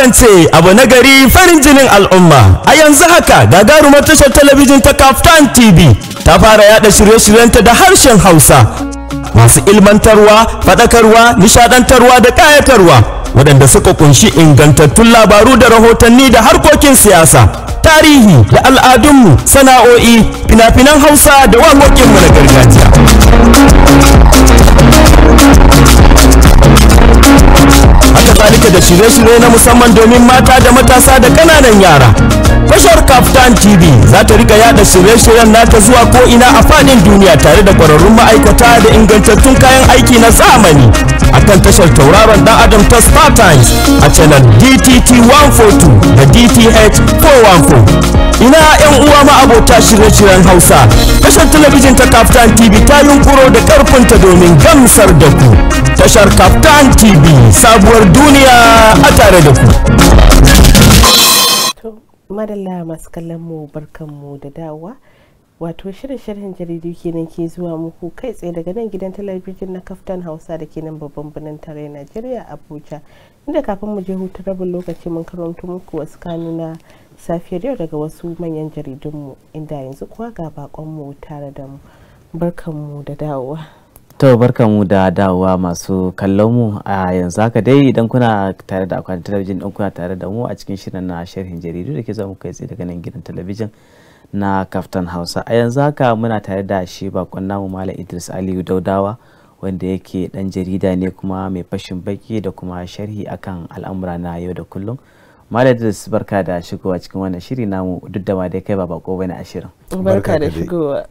tantance abu na gari farin jinin al'umma a yanzu haka gagarumar tashar talabijin ta kaftan tv ta fara yada shirye-shiryenta da harshen hausa masu ilmantarwa faɗakarwa nishadantarwa da ƙayatarwa waɗanda suka kunshi ingantattun labaru da rahotanni da harkokin siyasa tarihi da al'adunmu sana'o'i fina-finan hausa da waƙoƙinmu na gargajiya haka zalika da shirye-shirye na musamman domin mata da matasa da ƙananan yara tashar kaftan tv za ta rika yada shirye-shiryen nata zuwa ko'ina a fadin duniya tare da kwararrun ma'aikata da ingantattun kayan aiki na zamani a kan tashar tauraron dan adam ta star a channel dtt 142 da dth 414 alaikum ina yan uwa ma abota shirye-shiryen hausa tashar talabijin ta kaftan tv ta yunkuro da karfinta domin gamsar da ku tashar kaftan tv sabuwar duniya a tare da ku madalla masu kallon mu mu da dawowa wato shirin shirin jaridu kenan ke zuwa muku kai tsaye daga nan gidan talabijin na kaftan hausa da kenan nan babban birnin tare najeriya abuja inda kafin mu je hutu rabin lokaci mun karanto muku wasu kanuna safiyar yau daga wasu manyan jaridunmu inda yanzu kuwa ga bakonmu tare da mu barkanmu da dawowa to barkanmu da dawowa masu kallon mu a yanzu haka dai idan kuna tare da akwatin talabijin din kuna tare da mu a cikin shirin na sharhin jaridu da ke zama kai tsaye daga nan gidan talabijin na kaftan hausa a yanzu haka muna tare da shi bakon namu malam idris aliyu daudawa wanda yake dan jarida ne kuma mai fashin baki da kuma sharhi akan al'amura na yau da kullum Malam Idris barka da shigowa cikin wannan shiri namu duk da ma dai kai ba bako bane a shirin. barka da shigowa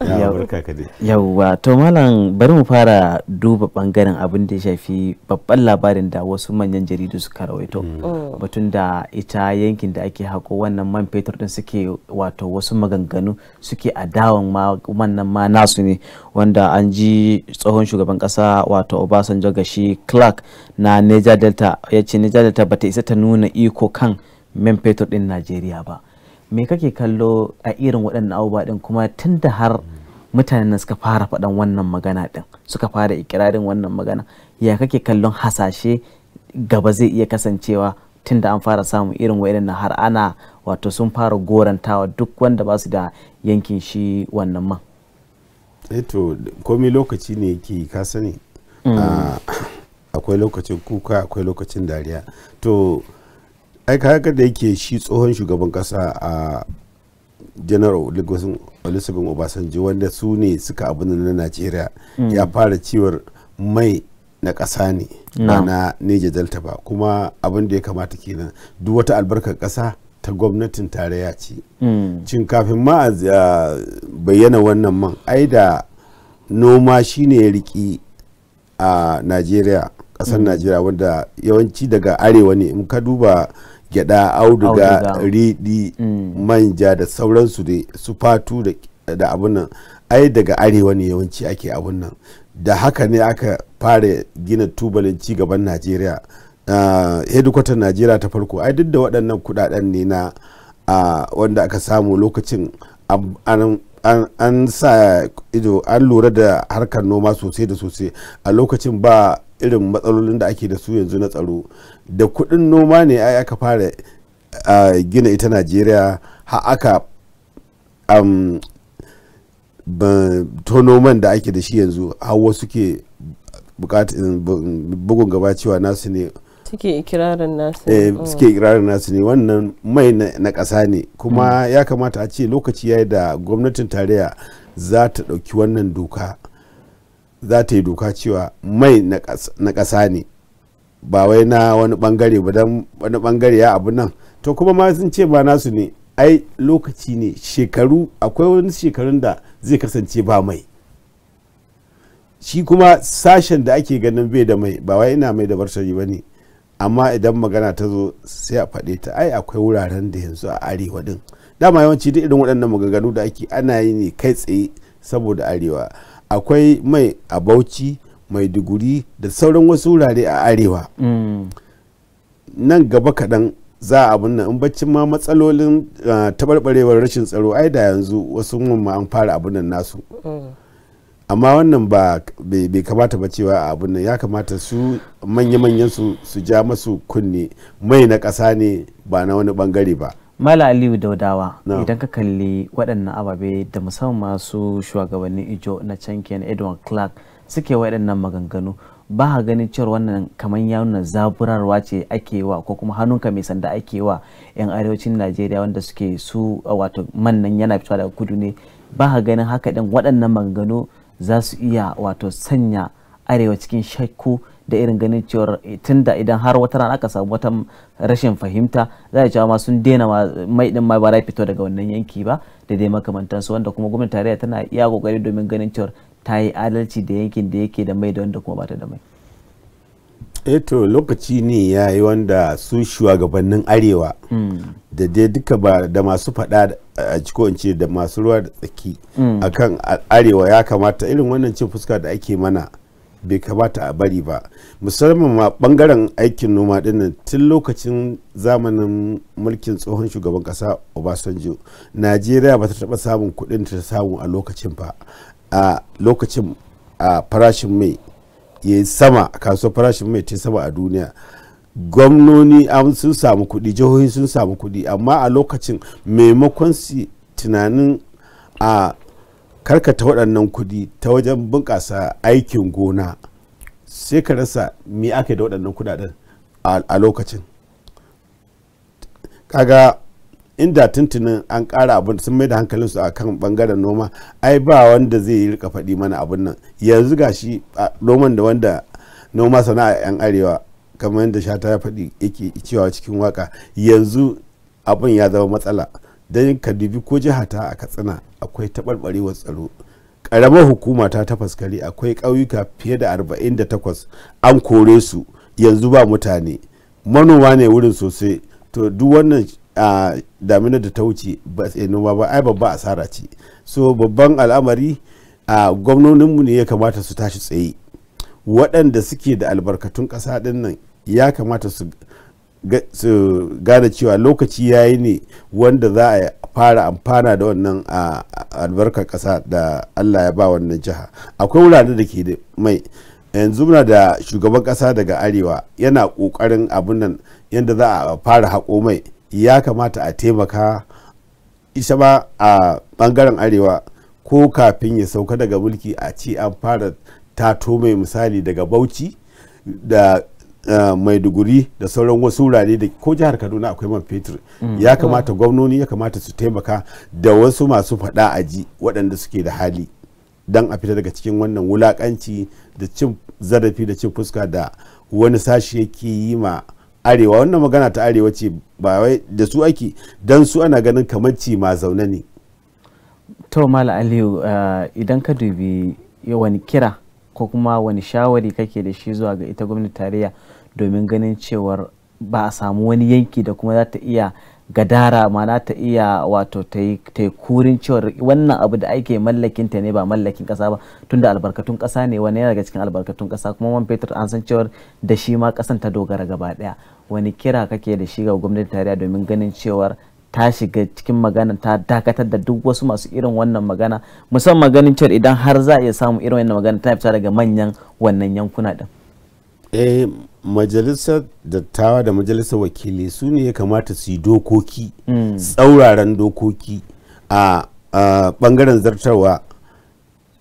yauwa to malam bari mu fara duba bangaren abin da ya shafi babban labarin da wasu manyan jaridu suka rawaito mm. oh. batun da ita yankin da ake hako wannan man fetur din suke wato wasu maganganu suke adawan ma wannan ma nasu ne wanda an ji tsohon shugaban kasa wato obasanjo gashi clark na niger delta ya ce niger delta bata isa ta nuna iko kan man fetur din najeriya ba me kake kallo a irin waɗannan abubuwa ɗin kuma tun da har mutanen suka fara faɗan wannan magana ɗin suka fara ikirarin wannan magana ya kake kallon hasashe gaba zai iya kasancewa tun da an fara samun irin waɗannan har ana wato sun fara gorantawa duk wanda ba su da yankin shi wannan man eto eh komi lokaci ne ki ka sani mm. ah, akwai lokacin kuka akwai lokacin dariya to ai haka da yake shi tsohon shugaban kasa a general olusegun obasanjo wanda su ne suka abu na najeriya mm. ya fara ciwar mai na ƙasa ne mm. na niger delta ba kuma abin da ya kamata kenan duk wata albarkar ƙasa ta gwamnatin tarayya ce cin mm. kafin ma bayyana wannan man ai da noma shine ya riki a najeriya ƙasar najeriya wanda yawanci daga arewa ne in ka duba gyada auduga riɗi mm. manja da sauransu da su fatu da abun nan ai daga arewa ne yawanci ake abun nan da haka ne aka fara gina tubalin cigaban najeriya hedikwatar najeriya ta farko ai duk da waɗannan kudaden ne na wanda aka samu lokacin an sa ido an lura da harkar noma sosai da sosai a lokacin ba irin matsalolin da ake da su yanzu na tsaro da kudin noma ne ai aka fara gina ita najeriya ha aka um, tono da ake da shi yanzu hawa wasu bugun gaba cewa nasu ne suke ikirarin nasu eh, oh. suke ikirarin nasu ne wannan mai na ƙasa ne kuma hmm. ya kamata a ce lokaci ya yi da gwamnatin tarayya za ta ɗauki wannan doka za ta yi doka cewa mai na ƙasa ne ba wai na wani bangare ba dan wani bangare ya abu nan to kuma ma sun ce ba nasu ne ai lokaci ne shekaru akwai wani shekarun da zai kasance ba mai shi kuma sashen da ake ganin bai da mai ba wai ina mai da barsari ba ne amma idan magana ta zo sai a faɗe ta ai akwai wuraren da yanzu a arewa din dama yawanci duk irin waɗannan maganganu da ake ana yi ne kai tsaye saboda arewa akwai mai a bauchi maiduguri da sauran wasu wurare a arewa mm. nan gaba kaɗan za a abin nan in baccin ma matsalolin ah, taɓarɓarewar rashin tsaro ai da yanzu wasu ma an fara abin nan nasu mm. amma wannan ba bai kamata ba cewa a abin nan ya kamata su manya-manyan su ja masu kunne mai na ƙasa ne ba na wani bangare ba mala aliyu daudawa idan ka kalli waɗannan ababe da musamman masu shugabannin ijo na can edward clark suke waɗannan maganganu ba a ganin cewar wannan kamar ya nuna zaburarwa ce ake wa ko kuma hannunka mai sanda ake wa 'yan arewacin najeriya wanda suke su wato mannan yana fitowa daga kudu ne ba a ganin haka din waɗannan maganganu za su iya wato sanya arewa cikin shakku da irin ganin cewar eh, tunda idan har wata rana aka samu wata rashin fahimta za a cewa ma sun daina mai din ma ba fito daga wannan yanki ba da dai makamantansu wanda kuma gwamnatin tarayya tana iya kokari domin ganin cewar ta yi adalci da yankin da yake da mai da wanda kuma bata da mai eto eh lokaci ne ya yi wanda su shugabannin arewa hmm. da dai duka ba da masu fada a eh, ce da masu ruwa da tsaki hmm. a kan arewa ya kamata irin wannan cin fuska da ake mana bai kamata a bari ba musamman ma bangaren aikin noma dinnan tun lokacin zamanin mulkin tsohon shugaban kasa obasanjo najeriya ba ta taba samun kudin ta samu a lokacin ba a lokacin a farashin mai ya sama kasuwar farashin mai ta sama a duniya gwamnoni sun samu kuɗi jihohi sun samu kuɗi amma a lokacin maimakon su tunanin a karkata waɗannan kuɗi ta wajen bunƙasa aikin gona sai ka rasa me aka da waɗannan kudaden a lokacin kaga inda tuntunin an kara abin sun mai da hankalinsu a kan bangaren noma ai ba wanda zai yi rika faɗi mana abin nan yanzu ga shi noman da wanda noma sana'a 'yan arewa kamar yadda shata ya faɗi yake cewa cikin waka yanzu abin ya zama matsala don ka dubi ko jihata a katsina akwai taɓarɓarewar tsaro ƙaramar hukuma ta ta faskari akwai ƙauyuka fiye da arba'in da takwas an kore su yanzu ba mutane manoma ne wurin sosai to duk wannan a damina da ta wuce ba tsaye noma ba ai babba asara ce so babban al'amari a gwamnoninmu ne ya kamata su tashi tsaye waɗanda suke da albarkatun ƙasa ɗin nan ya kamata su gane cewa lokaci ya yi ne wanda za a fara amfana da wannan a albarkar ƙasa da allah ya ba wannan jiha akwai wurare da ke da mai yanzu muna da shugaban ƙasa daga arewa yana ƙoƙarin abin nan yadda za a fara haƙo mai ya kamata a taimaka isa ba a bangaren arewa ko kafin ya sauka daga mulki a ce an fara tato mai misali daga bauchi da eh, maiduguri da sauran wasu wurare da ko jihar kaduna akwai man fetur mm. ya kamata gwamnoni ya kamata su taimaka da wasu masu faɗa ji waɗanda suke da hali don a fita daga cikin wannan wulakanci da cin zarafi da cin fuska da wani sashi yake yi ma arewa wannan magana ta arewa ce ba wai da su ake don su ana ganin kamar ci ma zaune ne to mala aliyu eh, idan ka dubi wani kira ko kuma wani shawari kake da shi zuwa ga ita gwamnati tarayya domin ganin cewar ba a samu wani yanki da kuma za ta iya gadara mana ta iya wato ta yi kurin cewar wannan abu da ake mallakin ta ne ba mallakin kasa ba tunda albarkatun kasa ne wani yana daga cikin albarkatun kasa kuma man fetur an san cewar da shi ma kasan ta dogara gaba daya wani kira kake da shi ga gwamnati tarayya domin ganin cewar ta shiga cikin magana ta dakatar da duk wasu masu irin wannan magana musamman ganin cewar idan har za a iya samu irin wannan magana ta fita daga manyan wannan yankuna din eh, majalisar dattawa da majalisar wakili su ne ya kamata su yi dokoki hmm. tsauraran dokoki a bangaren zartarwa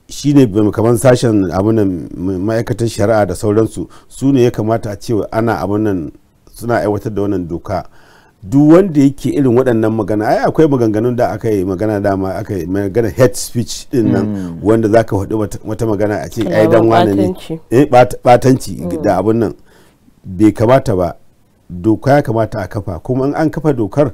shi ne kamar sashen abunan ma'aikatar shari'a da sauransu su ne ya kamata a cewa ana abunan suna aiwatar da wannan doka duk wanda yake irin waɗannan magana ai akwai maganganun da aka yi magana dama aka yi magana head speech din nan hmm. wanda zaka faɗi wata magana a ce ai dan wane ne eh batanci hmm. da abun nan bai kamata ba doka ya kamata a kafa kuma in an kafa dokar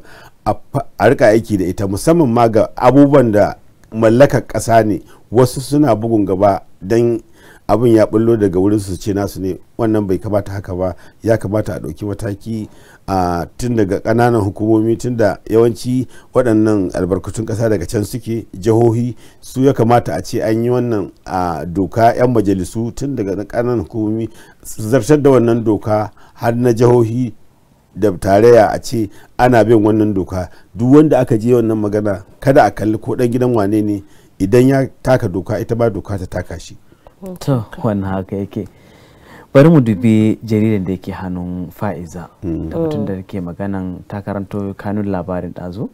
a rika aiki da ita musamman ma ga abubuwan da mallakar ƙasa ne wasu suna bugun gaba don abin ya bullo daga wurin su ce nasu ne wannan bai kamata haka ba ya kamata a ɗauki mataki a tun daga ƙananan hukumomi tun da yawanci waɗannan albarkatun ƙasa daga can suke jihohi su ya kamata a ce an yi wannan a doka 'yan majalisu tun daga ƙananan hukumomi su zartar da wannan doka har na jihohi da tarayya a ce ana bin wannan doka duk wanda aka je wannan magana kada a kalli ko ɗan gidan wane ne idan ya taka doka ita ba doka ta taka shi to wannan haka yake bari mu dubi jaridar da yake hannun fa'iza mm. da batun da ke maganan ta kanun labarin ɗazu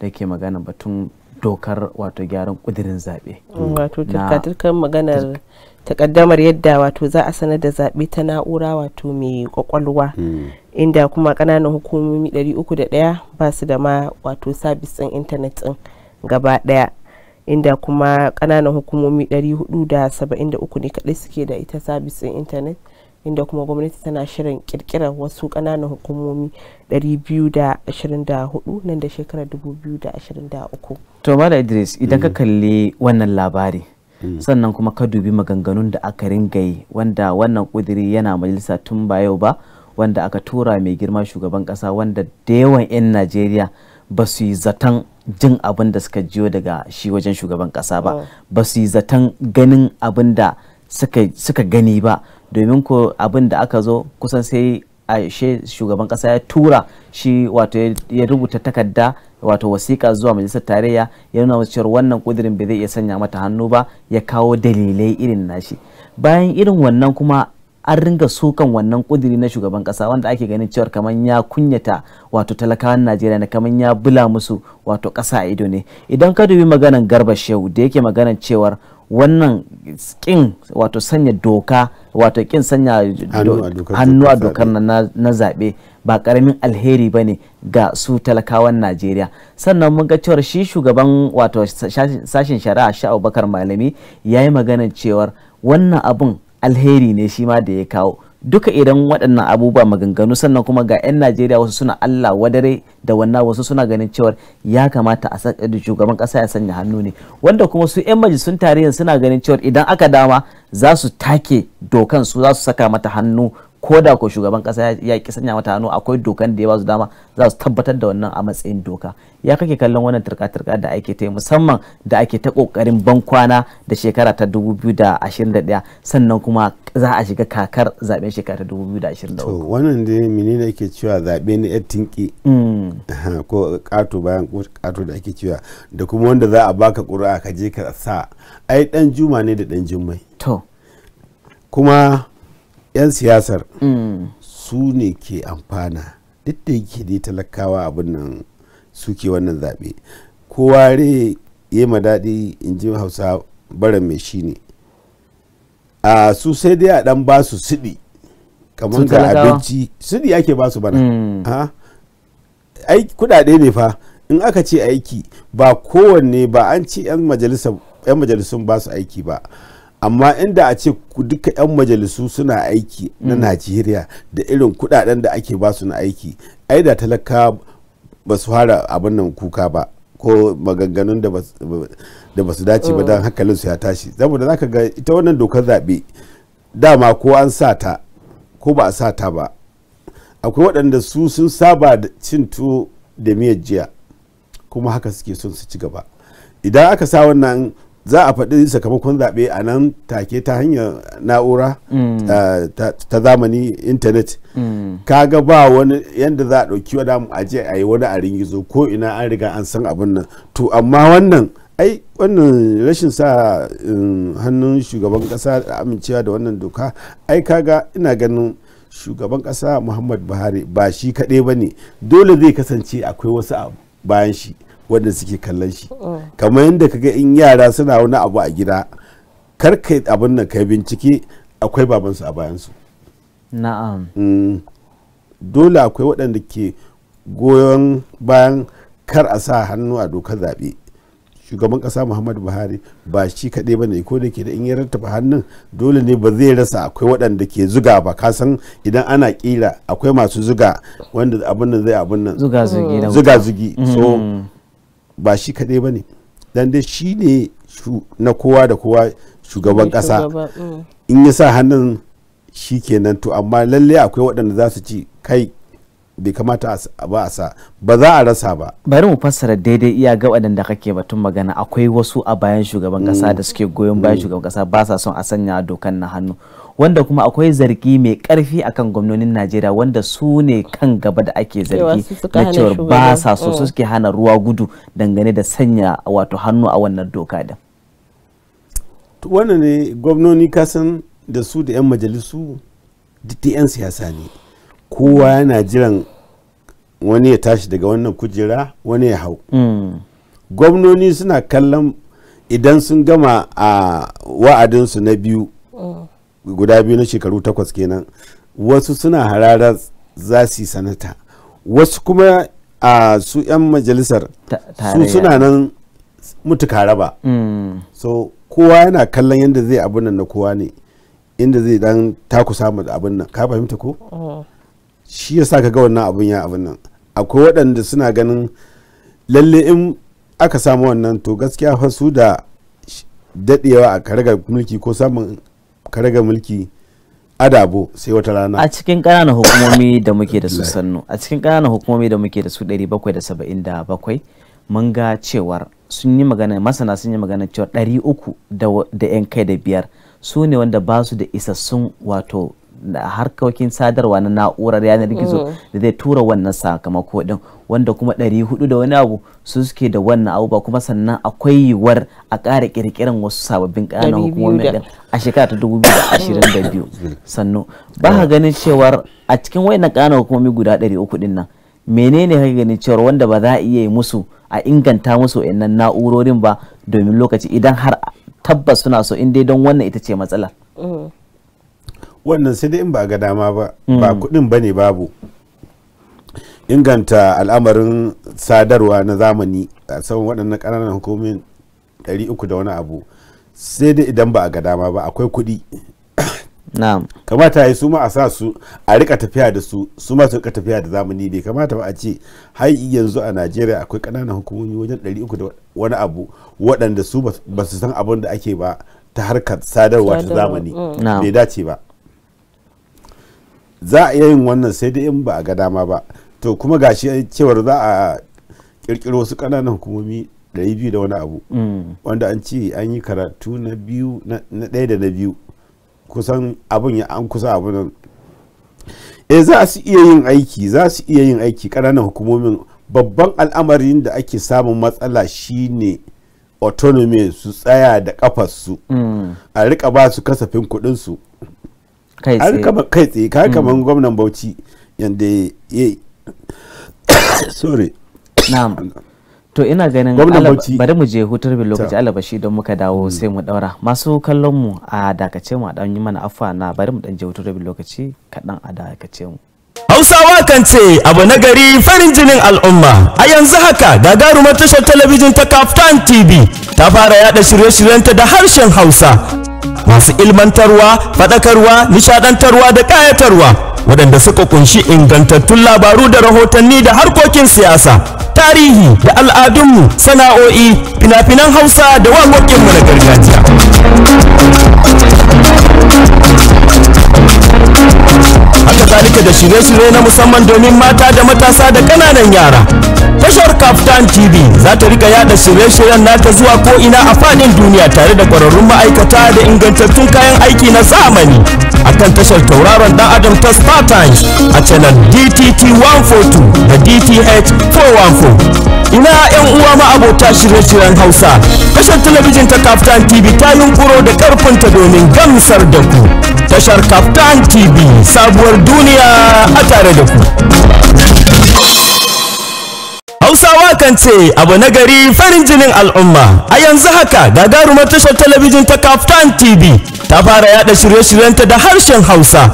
da ke maganan batun dokar wato gyaran kudirin zaɓe. Mm, wato turka maganar takaddamar yadda wato za a sanar da zaɓe ta na'ura wato mai kwakwalwa mm. inda kuma ƙananan hukumomi uku 301 ba su da ma wato sabis ɗin intanet ɗin gaba ɗaya inda kuma kananan hukumomi 473 ne kadai suke da ita sabis din intanet inda kuma gwamnati tana shirin kirkirar wasu kananan hukumomi 224 nan da shekarar 2023 to mala idris idan ka mm. kalli wannan labari mm. sannan kuma ka dubi maganganun da aka ringaye wanda wannan kudiri yana majalisa tun ba yau ba wanda aka tura mai girma shugaban kasa wanda da yawan 'yan najeriya ba su yi zaton jin abin da suka jiyo daga shi wajen shugaban kasa ba mm. ba su yi zaton ganin abin da suka gani ba domin ko abin da aka zo kusan sai a shugaban kasa ya tura shi wato ya rubuta takarda wato wasiƙa zuwa majalisar tarayya ya nuna wasu cewar wannan kudirin bai zai iya sanya mata hannu ba ya kawo dalilai irin nashi bayan irin wannan kuma an ringa sukan wannan kudiri na shugaban kasa wanda ake ganin cewar kamar ya kunyata wato talakawan najeriya ne kamar ya bula musu wato kasa a ido ne idan ka dubi maganan garba shehu da yake maganan cewar wannan kin wato sanya doka wato kin sanya hannu a dokar na zaɓe ba karamin alheri ba ne ga su talakawan najeriya sannan mun ga cewar shi shugaban wato sashen shari'a sha abubakar malami ya yi maganar cewar wannan abun alheri ne shi ma da ya kawo duka idan waɗannan abubuwa maganganu sannan kuma ga 'yan najeriya wasu suna allah wadare da wannan wasu suna ganin cewar ya kamata a da shugaban ƙasa ya sanya hannu ne wanda kuma su 'yan majalisun tarihin suna ganin cewar idan aka dama za su take dokan su za su saka mata hannu ko da ko shugaban kasa ya ki sanya mata hannu akwai dokan da ya ba su dama za su tabbatar da wannan a matsayin doka ya kake kallon wannan turka-turka da ake ta yi musamman da ake ta kokarin bankwana da shekara ta 2021 sannan kuma za a shiga kakar zaben shekara ta 2023 wannan mini da ake cewa zaɓe na yar tinki mm. ko kato bayan ƙato kato da ake cewa da kuma wanda za a baka ƙuri'a ka je ka sa ai dan juma ne da dan jummai to kuma 'yan siyasar mm. su ne ke amfana duk da yake dai talakawa abin nan suke wannan zaɓe kowa re ya ma daɗi in ji hausa baran mai shi ne a su sai dai a ɗan ba su siɗi kamar ga abinci siɗi ake ba su bana mm. kuɗaɗe ne fa in aka ce aiki ba kowanne ba an ce 'yan majalisun ba su aiki ba amma inda a ce duka 'yan majalisu suna aiki na mm. najeriya da irin kudaden da ake ba su na aiki ai da talaka ba su fara abin nan kuka ba ko maganganun da ba su dace ba oh. don hankalin su ya tashi saboda zaka ga ita wannan dokar zaɓe dama ko an sa ta ko ba a sa ta ba akwai waɗanda su sun saba da cin tuwo da miyar jiya kuma haka suke son su ci gaba idan aka sa wannan za a faɗi sakamakon zaɓe a nan take ta hanyar na'ura mm. eh, ta zamani intanet mm. ka ga ba wani yadda za a ɗauki wani a je a yi wani a ringizo ko ina an riga an san abin nan to amma wannan ai wannan rashin sa um, hannun shugaban ƙasa amincewa da wannan doka ai ga ina ganin shugaban ƙasa muhammad buhari ba shi kaɗai ba ne dole zai kasance akwai wasu bayan shi wanda suke kallon shi mm. kamar yadda kaga in yara suna wani abu a gida kar kai abin nan kai bincike akwai babansu a bayansu na'am mm. dole akwai waɗanda ke goyon bayan kar a sa hannu a dokar zaɓe shugaban ƙasa muhammadu buhari ba shi kaɗai ba ne ko da ke da in ya rattaba hannun dole ne ba zai rasa akwai waɗanda ke zuga ba ka san idan ana kila akwai masu zuga wanda abin nan zai abin nan zuga zugi so mm. ba shi kaɗai ba ne don dai shi ne na kowa da kowa shugaban ƙasa mm. in ya sa hannun shi kenan to amma lalle akwai waɗanda za su ci kai bai kamata ba a sa ba za a rasa ba bari mu fassara daidai iya ga waɗanda kake batun magana akwai wasu a bayan shugaban kasa mm. da suke goyon bayan mm. shugaban kasa ba sa son a sanya dokan na hannu wanda kuma akwai zargi mai karfi akan gwamnonin najeriya wanda su ne kan gaba da ake zargi na cewa ba sa so oh. suke hana ruwa gudu dangane da sanya wato hannu a wannan doka da wannan ne gwamnoni kasan da su da 'yan majalisu duk 'yan siyasa ne kowa yana jiran wani ya tashi daga wannan kujera wani ya hau mm. gwamnoni suna kallon idan sun gama a wa'adinsu na biyu mm. guda biyu na shekaru takwas kenan wasu suna harara za su yi sanata wasu kuma a su 'yan majalisar su suna nan mutuka raba mm. so kowa yana kallon yadda zai abin nan na kowa ne inda zai dan taku samu da abin nan ka fahimta ko oh. shi ya sa ka ga wannan abin ya abin nan akwai waɗanda suna ganin lalle in aka samu wannan to gaskiya fa su da dadewa a karagar mulki ko samun ka raga mulki adabo sai wata rana a cikin ƙananan hukumomi da muke da su sannu a cikin ƙananan hukumomi da muke da su 777 mun ga cewar sun yi magana masana sun yi magana cewar 300 da 'yan kai da biyar su ne wanda ba su da isassun wato harkokin sadarwa na na'urar yanar gizo mm. da zai tura wannan sakamako din wanda kuma 400 da wani abu su suke da wannan abu ba kuma sannan akwai yiwuwar a ƙara ƙirƙiran wasu sababbin ƙananan hukumomi din a shekara ta 2022 mm. sannu ba ka ganin cewar a cikin wayannan ƙananan hukumomi guda 300 din nan menene ka ganin cewar wanda ba za a iya yi musu a inganta musu wayannan na'urorin ba domin lokaci idan har tabbas suna so in dai don wannan ita ce matsalar. Mm. wannan sai dai in ba ga dama ba mm. ba kudin bane babu inganta al'amarin sadarwa na zamani a saman waɗannan ƙananan hukumin 300 da wani abu sai dai idan ba a ga dama ba akwai kuɗi kamata ya yi su ma a sa su a rika tafiya da su su ma su rika tafiya da zamani ne kamata ba a ce har yanzu a najeriya akwai ƙananan hukumomi wajen 300 da wani abu waɗanda su ba su san abin da ake ba ta harkar sadarwa ta zamani mm. bai dace ba za a iya yin wannan sai dai in ba a ga dama ba to kuma gashi cewar za a kirkiro wasu ƙananan hukumomi ɗari biyu da wani abu mm. wanda an ce an yi karatu na biyu na ɗaya da na biyu kusan abun ya an kusa abun e za su iya yin aiki za su iya yin aiki ƙananan hukumomin babban al'amarin da ake samun matsala shine autonomy su tsaya da kafarsu mm. a rika ba su kasafin kuɗinsu kai tsaye ka mm. kaman gwamnan bauchi yadda ya yi sorry na'am to ina ganin bari mu je hutar bin lokaci alabashi don muka dawo mm. sai mu daura masu kallon mu a dakace mu a dan yi mana afa na bari mu dan je hutar bin lokaci kaɗan a dakace mu Hausawa kan ce abu na gari farin jinin al'umma. A yanzu haka gagarumar tashar talabijin ta Kaftan TV ta fara yada shirye-shiryenta da harshen Hausa. masu ilmantarwa faɗakarwa nishaɗantarwa da ƙayatarwa waɗanda suka kunshi ingantattun labaru da rahotanni da harkokin siyasa tarihi da al'adunmu sana'o'i fina-finan hausa da waƙoƙinmu na gargajiya haka zalika da shirye-shirye na musamman domin mata da matasa da ƙananan yara Tashar Kaftan TV za ta rika yada shirye-shiryen nata zuwa ko ina a fadin duniya tare da kwararrun ma'aikata da ingantattun kayan aiki na zamani. Akan tashar tauraron dan Adam ta Star a channel DTT 142 da DTH 414. ina yan uwa ma shirye-shiryen hausa tashar talabijin ta kaftan tv ta yunkuro da karfinta domin gamsar da ku tashar kaftan tv sabuwar duniya a tare da ku kance abu na gari farin jinin al'umma a yanzu haka gagarumar tashar talabijin ta kaftan tv ta fara yada shirye-shiryenta da harshen hausa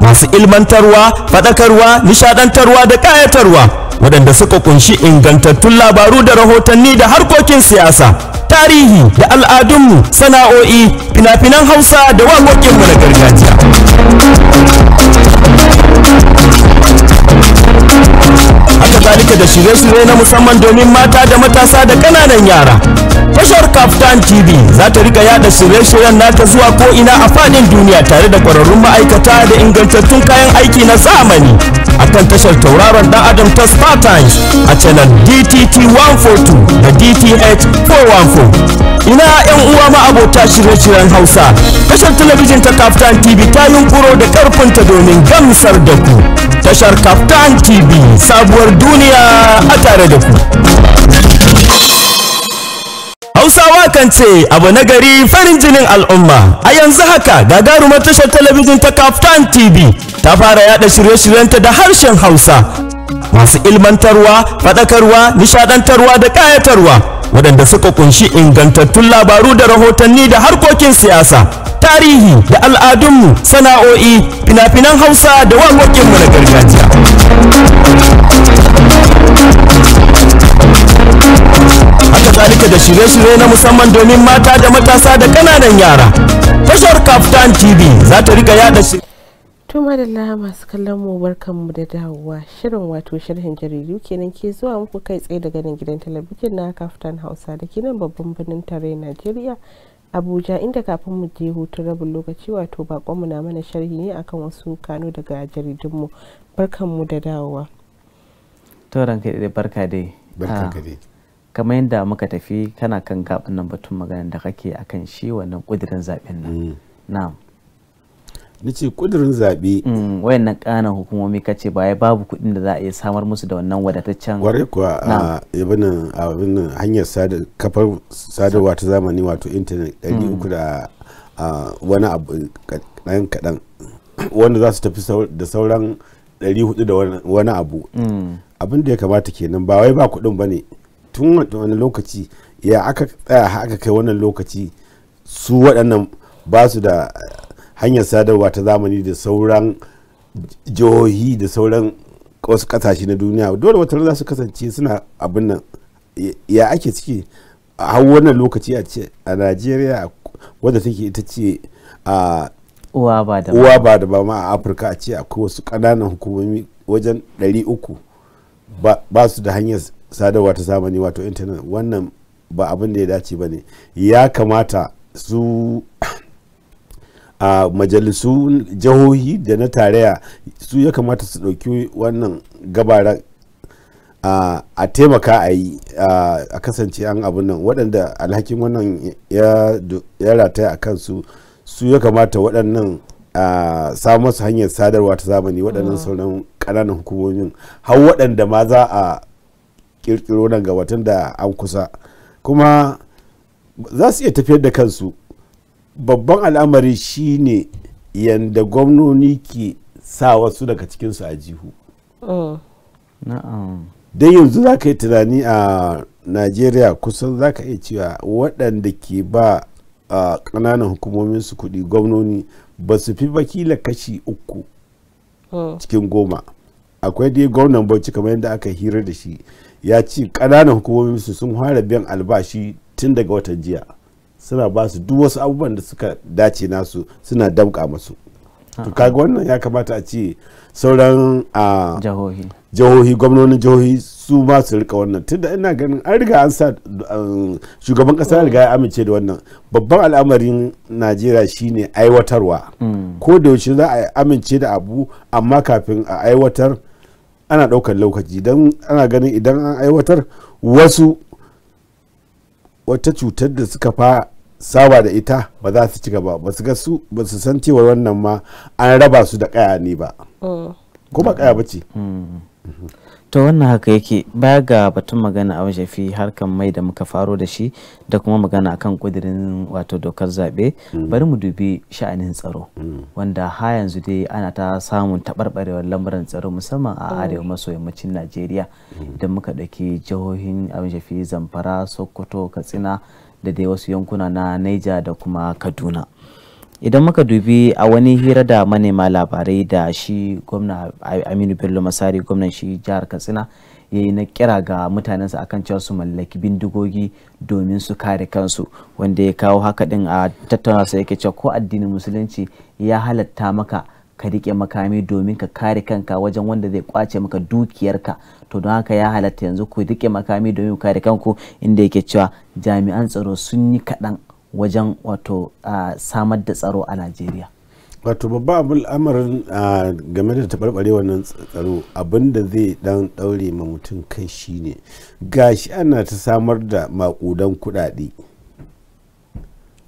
masu ilmantarwa faɗakarwa nishadantarwa da ƙayatarwa waɗanda suka kunshi ingantattun labaru da rahotanni da harkokin siyasa tarihi da al'adunmu sana'o'i fina-finan hausa da waƙoƙinmu na gargajiya haka zalika da shirye-shirye na musamman domin mata da matasa da ƙananan yara tashar kaftan tv za ta rika yada shirye-shiryen nata zuwa ko'ina a fadin duniya tare da ƙwararrun ma'aikata da ingantattun kayan aiki na zamani akan tashar tauraron dan adam ta star a channel dtt 142 da dth 414 ina yan uwa ma abota shirye-shiryen hausa tashar talabijin ta kaftan tv ta yunkuro da karfinta domin gamsar da ku tashar kaftan tv sabuwar duniya a tare da ku hausawa kan ce abu na gari farin jinin al'umma a yanzu haka gagarumar tashar talabijin ta kaftan tv ta fara yada shirye-shiryenta da harshen hausa masu ilmantarwa faɗakarwa nishadantarwa da ƙayatarwa waɗanda suka kunshi ingantattun labaru da rahotanni da harkokin siyasa tarihi da al'adunmu sana'o'i fina-finan hausa da waƙoƙinmu na gargajiya haka zalika da shirye-shirye na musamman domin mata da matasa da ƙananan yara tashar kaftan tv za ta rika yada shi To da masu kallon mu mu da dawowa shirin wato sharhin jaridu kenan ke zuwa muku kai tsaye daga nan gidan talabijin na kaftan hausa da ke nan babban birnin tare Najeriya Abuja inda kafin mu je hutu rabin lokaci wato bakonmu na mana sharhi ne akan wasu kano daga jaridunmu barkanmu da dawowa. To ranka da barka dai. barka dai. Ah, kamar yadda muka tafi kana kan gaban nan batun magana da kake akan shi wannan kudirin zaben nan. Mm. ni ce kudirin zaɓe mm, wayannan ƙananan hukumomi ka ce baya babu kuɗin da za a iya samar musu da wannan wadataccen ware kuwa a ibinan abin hanyar kafar sadarwa ta zamani wato intanet ɗari mm. uku da wani abu kaɗan kaɗan wanda za su tafi da sauran ɗari hudu da wani abu mm. abin da ya kamata kenan ba wai ba kuɗin ba ne tun wani lokaci ya aka tsaya aka kai wannan lokaci su waɗannan ba su da hanyar sadarwa ta zamani da sauran jihohi da sauran wasu kasashe na duniya dole wata za su kasance suna abin nan ya ake ciki a hau wannan lokaci a najeriya wadda take ita ce a uwa ba da ba ma a afirka a ce akwai wasu ƙananan hukumomi wajen 300 ba su da hanyar sadarwa ta zamani wato intanet wannan ba abin da ya dace ba ne ya kamata su a majalisu jihohi da na tarayya su ya kamata su ɗauki wannan gabara a taimaka a yi a kasance an abin nan waɗanda alhakin wannan ya rataya a kansu su ya kamata waɗannan samun su hanyar sadarwa ta zamani waɗannan mm. sauran ƙananan hukumomin har waɗanda ma za a ƙirƙiro nan gabatan da an kusa kuma za su iya tafiyar da kansu babban al'amari shine yadda gwamnoni ke sa wasu daga cikinsu a jihu oh. don yanzu za ka yi tunani a najeriya kusan za ka iya cewa waɗanda ke ba a ƙananan hukumomin su kuɗi gwamnoni ba su fi bakila kashi uku oh. cikin goma akwai dai gwamnan bauchi kamar yadda aka hira da shi ya ce ƙananan hukumomin su sun fara biyan albashi tun daga watan jiya suna ba su duk wasu abubuwan da suka dace nasu suna damƙa masu to kaga wannan ya kamata a ce sauran a jihohi gwamnonin jihohi su ma su rika wannan tunda ina ganin an riga an sa um, shugaban kasa riga ya amince da wannan babban al'amarin najeriya shine aiwatarwa mm. ko da yaushe za a amince da abu amma kafin a aiwatar ana ɗaukar lokaci don ana ganin idan an aiwatar wasu wata cutar da suka fa saba da ita ba za su ci gaba ba su ga su ba su san cewa wannan ma an raba su da kaya ne ba mm. kuma kaya ba ce mm. to wannan haka yake baya ga batun magana a shafi harkar mai da muka faro da shi da kuma magana akan kudirin wato dokar zaɓe mm. bari mu dubi sha'anin tsaro wanda ha yanzu dai ana ta samun taɓarɓarewar lamuran tsaro musamman a arewa maso yammacin najeriya idan muka ɗauki jihohin abin shafi zamfara sokoto katsina da dai wasu yankuna na naija da kuma Kaduna. Idan muka dubi a wani hira da manema labarai da shi gwamna Aminu Bello Masari gwamnan shi jihar Katsina ya yi na kira ga mutanensa akan cewa su mallaki bindigogi domin su kare kansu wanda ya kawo haka din a tattaunarsa yake cewa ko addinin musulunci ya halatta maka ka riƙe makami domin ka kare kanka wajen wanda zai kwace maka dukiyarka to don haka ya halatta yanzu ku riƙe makami domin ku kare kanku inda yake cewa jami'an tsaro sun yi kaɗan wajen wato samar da tsaro a najeriya wato babba abin al'amarin game da taɓarɓare wannan tsaro abinda zai dan ɗaure ma mutum kai shine gashi ana ta samar da maƙudan kuɗaɗe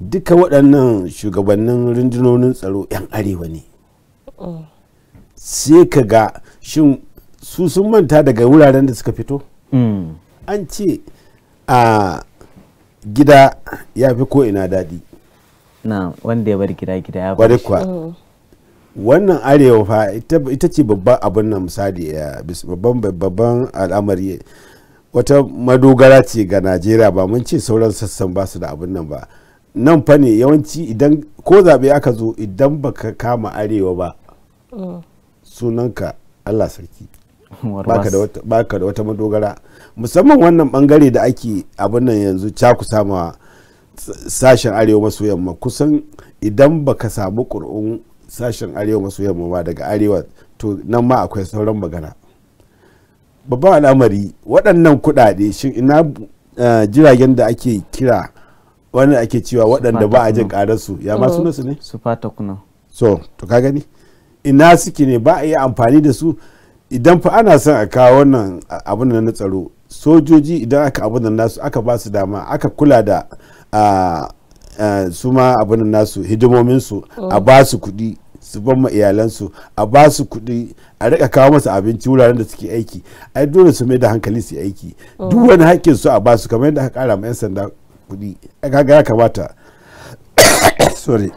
duka waɗannan shugabannin rundunonin tsaro 'yan arewa ne sai ka ga shin su sun manta daga wuraren da suka fito mm. an ce a gida ya fi ko ina daɗi na wanda ya bar gida gida ya bari kwa mm. wannan arewa fa ita ce babban abin nan misali babban babban al'amari wata madogara ce ga najeriya ba mun ce sauran sassan ba su da abin nan ba nan fa ne yawanci idan ko zaɓe aka zo idan baka kama arewa ba sunanka allah sarki baka da wata madogara musamman wannan bangare da ake abin nan yanzu cakusa ma sashen arewa maso yamma kusan idan baka samu ƙuri'un sashen arewa maso yamma ba daga arewa to nan ma akwai sauran magana babban al'amari waɗannan kuɗaɗe shin ina eh, jiragen da ake kira wani ake cewa waɗanda ba a jin ƙararsu ya masu mm. nasu ne su fata kuna so to ka gani ina suke ne ba a yi amfani da su idan fa ana son a kawo wannan abin na tsaro sojoji idan aka abin da nasu aka ba su dama aka kula da su ma abin da nasu hidimominsu a ba su kuɗi su ban ma iyalansu a ba su kuɗi a rika kawo masa abinci wuraren da suke aiki ai dole su mai da hankali su aiki mm. duk wani hakkin su a ba su kamar yadda aka kara ma 'yan sanda kuɗi ga ya kamata sorry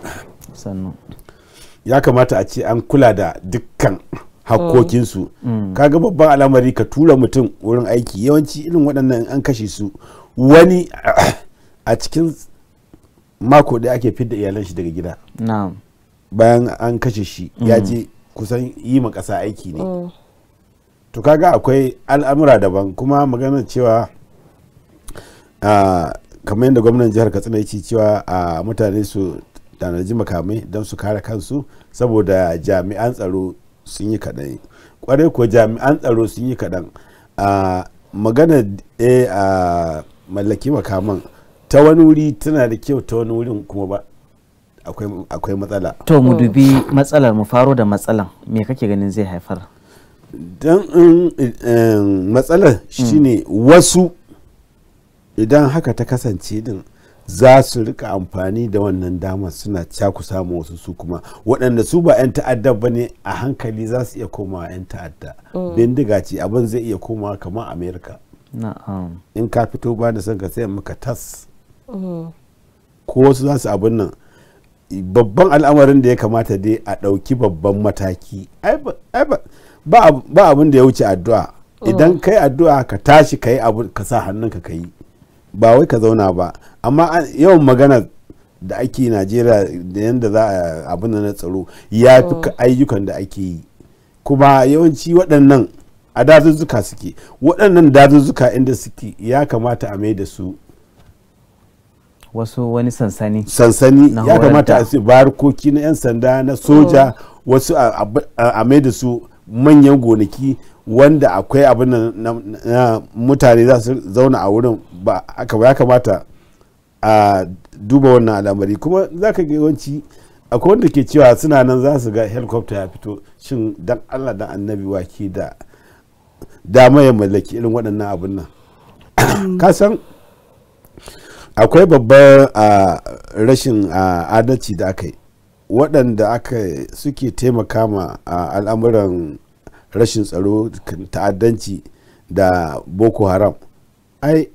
ya kamata a ce an kula da dukkan hakkokinsu ka mm. kaga babban al'amari ka tura mutum wurin aiki yawanci irin waɗannan an kashe su wani a cikin mako da ake fidda iyalan shi daga gida bayan an kashe shi ya mm. je kusan yi ma ƙasa aiki ne oh. to kaga akwai al'amura daban kuma magana cewa ah, kamar yadda gwamnan jihar katsina ya ce cewa ah, mutane su tanaji makamai don su kare kansu saboda jami'an tsaro sun yi kaɗan kwarai ko jami'an tsaro sun yi kaɗan a magana a mallaki makaman ta wani wuri tana da kyau ta wani wurin kuma ba akwai matsala to mu dubi mm. matsalar mu faro da matsalan me kake ganin zai haifar don matsalar mm. shine wasu idan haka ta kasance din za su rika amfani da wannan dama suna caku samu wasu su kuma waɗanda su ba 'yan ta'adda ba ne a hankali za su iya komawa 'yan ta'adda oh. bindiga ce abin zai iya komawa kamar amerika in ka fito ba da son ka sai maka tas oh. ko wasu za su abin nan babban al'amarin da ya kamata dai a ɗauki babban mataki ba abin da ya wuce addu'a oh. idan kai addu'a ka tashi ka yi abu ka sa hannunka ka yi ba wai ka zauna ba amma yawan magana da ake najeriya da yadda za a abin na tsaro ya fi mm. ayyukan da ake yi kuma yawanci waɗannan a dazuzzuka suke waɗannan dazuzzuka inda suke ya kamata a mai da su wasu wani sansani sansani ya kamata a barkoki na 'yan sanda na soja mm. wasu a mai da su manyan gonaki wanda akwai abin na mutane za su zauna a wurin ba aka ba ya kamata a duba wannan al'amari kuma za ka ga yawanci akwai wanda ke cewa suna nan za su ga helicopter ya fito shin dan allah dan annabi wake da dama ya mallaki irin waɗannan abin nan mm. kasan akwai babban rashin adalci da aka yi waɗanda aka suke taimaka ma al'amuran rashin tsaro ta'addanci da boko haram ai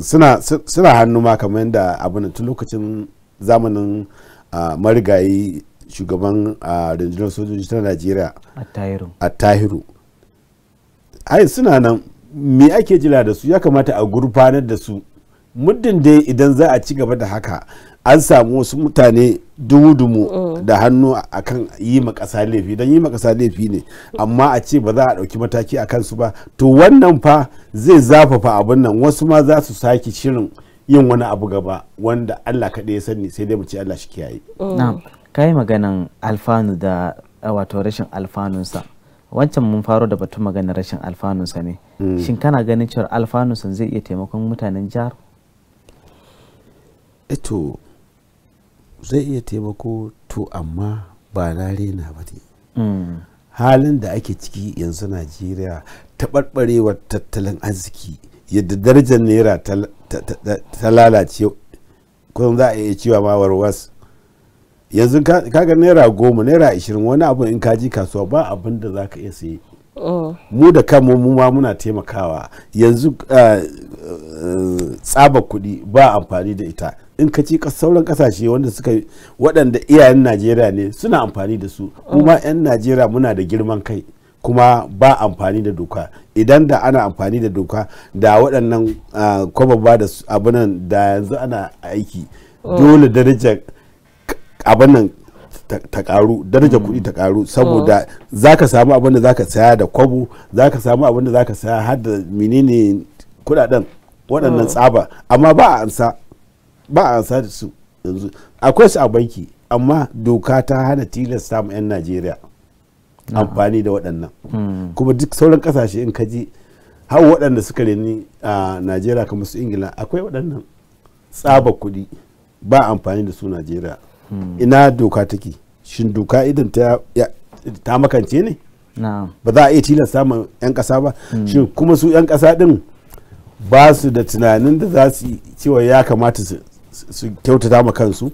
suna hannu ma kamar yadda abin tun lokacin zamanin marigayi shugaban rundunar sojoji ta najeriya a tahiru ai suna nan me ake jira da su ya kamata a gurfanar da su muddin dai idan za a ci gaba da haka an samu wasu mutane dudumu mm. da hannu akan yi ma ƙasa laifi don yi ma laifi ne amma a ce ba za a ɗauki mataki a kansu ba to wannan fa zai zafafa abin nan wasu ma za su sake shirin yin wani abu gaba wanda allah kaɗai ya sani sai dai mu ce allah shi kiyaye mm. ka yi maganan alfanu da eh, wato rashin alfanunsa wancan mun faro da batun maganar rashin alfanunsa ne mm. shin kana ganin cewar alfanunsa zai iya taimakon mutanen jihar eto eh zai iya taimako to amma ba na rena ba ne hmm. halin da ake ciki yanzu najeriya taɓarɓarewar tattalin arziki yadda darajar naira ta lalace kusan za a iya cewa ma warwas yanzu kaga naira goma naira ashirin wani abu in ka ji kasuwa ba abin da za ka iya saye oh. mu da kanmu mu ma muna taimakawa yanzu ah, ah, tsaba kuɗi ba amfani da ita in ka ci sauran kasashe wanda suka waɗanda iyayen najeriya ne suna amfani da su oh. kuma 'yan najeriya muna da girman kai kuma ba amfani da doka idan da ana amfani da doka da waɗannan kwaba ba da abinan da yanzu ana aiki oh. dole darajar abinan ta karu daraja mm. kuɗi ta karu saboda oh. za ka samu abinda da za ka saya da kwabo za ka samu abinda za ka saya har da menene kuɗaɗen waɗannan tsaba amma ba a ansa ba a da su yanzu akwai su a banki amma doka ta hana tilasta mu 'yan najeriya amfani da waɗannan hmm. kuma duk sauran ƙasashe in ka ji hau waɗanda suka reni a najeriya kamar su ingila akwai waɗannan tsaba kuɗi ba amfani da su najeriya hmm. ina doka take shin doka idan ta makance ne ba za a iya tilasta mu 'yan ƙasa ba hmm. shin kuma su 'yan ƙasa ɗin ba su da tunanin da za su cewa ya kamata su su kyautata ma kansu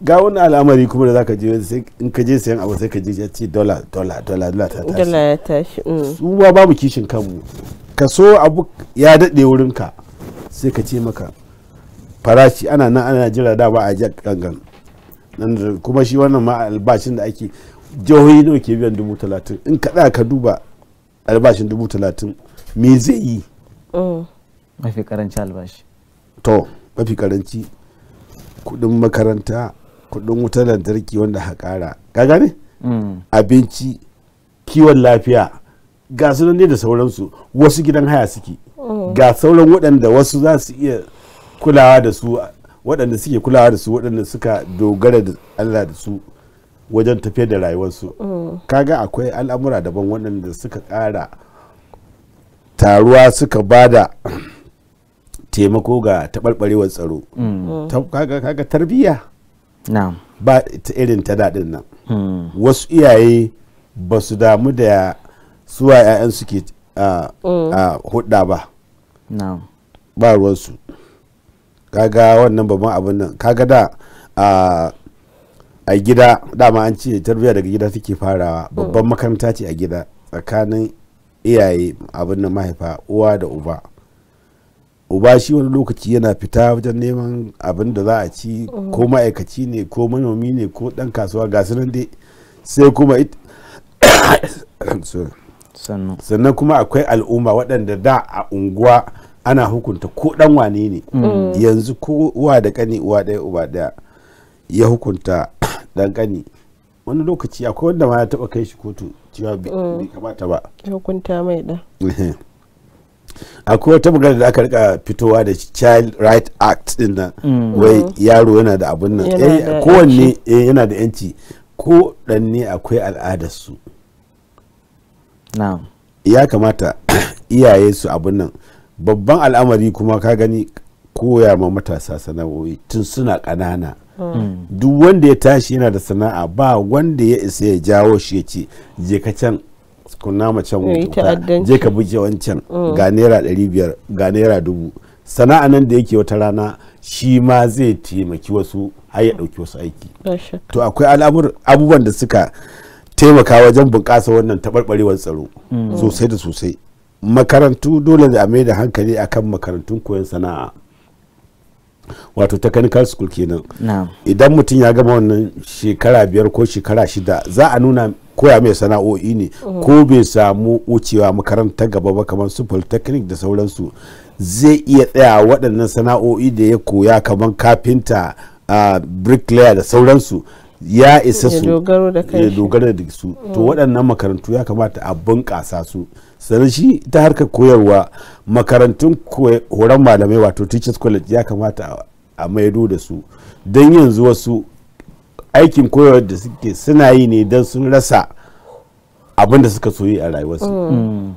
ga wani al'amari kuma da zaka je sai in ka je sayan abu sai ka je ya ce dola dola dola dola ta tashi ya tashi mm. su ba babu kishin kanmu ka so abu ya dade wurin ka sai ka ce maka farashi ana nan ana jira da ba a ji gangan kuma shi wannan ma albashin da ake jihohi nawa ke biyan dubu talatin in ka da ka duba albashin dubu talatin me zai yi mm. mafi karanci albashi to mafi karanci kudin makaranta kudin wutar lantarki wanda ha kara ka gane mm. abinci kiwon lafiya ga su ne da sauransu wasu gidan haya suke mm. ga sauran waɗanda wasu za su iya kulawa da su waɗanda suke kulawa da su waɗanda suka dogara da Allah da su wajen tafiyar da rayuwarsu mm. kaga akwai al'amura daban waɗanda suka ƙara taruwa suka bada taimako ga taɓarɓarewar tsaro mm. kaga tarbiyya ba ta irin ta daɗin nan mm. wasu iyaye ba su damu da suwa 'ya'yan suke oh. hudda ba ba ruwansu kaga wannan babban abin nan kaga da a gida dama an ce tarbiyya daga gida take farawa babban oh. makaranta ce a gida tsakanin iyaye abin nan mahaifa uwa da uba uba shi wani lokaci yana fita wajen neman abin da za a ci ko ma'aikaci ne ko manomi ne ko dan kasuwa ga nan dai sai kuma sannan kuma akwai al'umma waɗanda da a unguwa ana hukunta ko dan wane ne mm. Mm. yanzu ko uwa da kani uwa ɗaya uba ɗaya ya hukunta dan kani wani lokaci akwai wanda ma ya taɓa kai shi kotu cewa mm. bai kamata ba hukunta mai ɗan. akwai wata magana da aka rika fitowa da child right act din nan mm. wai yaro yana da abun nan eh, kowanne eh, yana da yanci ko danne akwai al'adarsu ya kamata iyaye su abun nan babban al'amari kuma ka gani koya ma matasa sana'o'i tun suna ƙanana mm. duk wanda ya tashi yana da sana'a ba wanda ya isa ya jawo shi ya ce je ka can kunna macen wuta je ka buge wancan mm. ga naira ɗari biyar ga naira dubu sana'a nan da yake wata rana shi ma zai taimaki wasu har ya ɗauki wasu aiki to akwai abubuwan da suka taimaka wajen bunƙasa wannan taɓarɓarewar tsaro mm. sosai da sosai makarantu dole da a mai da hankali akan makarantun koyon sana'a wato technical school kenan idan mutum ya gama wannan shekara biyar ko shekara shida za a nuna koya mai sana'o'i ne ko bai samu wucewa makaranta gaba ba kamar su polytechnic da sauransu zai iya tsaya waɗannan sana'o'i da ya koya kamar kafinta bricklayer da sauransu ya isa su ya dogara da su to waɗannan makarantu ya kamata a bunƙasa su sannan shi ta harkar koyarwa makarantun horon malamai wato teachers college ya kamata a maido da su don yanzu wasu aikin koyarwa da suke suna yi ne don sun rasa abin da suka soyi a rayuwarsu mm.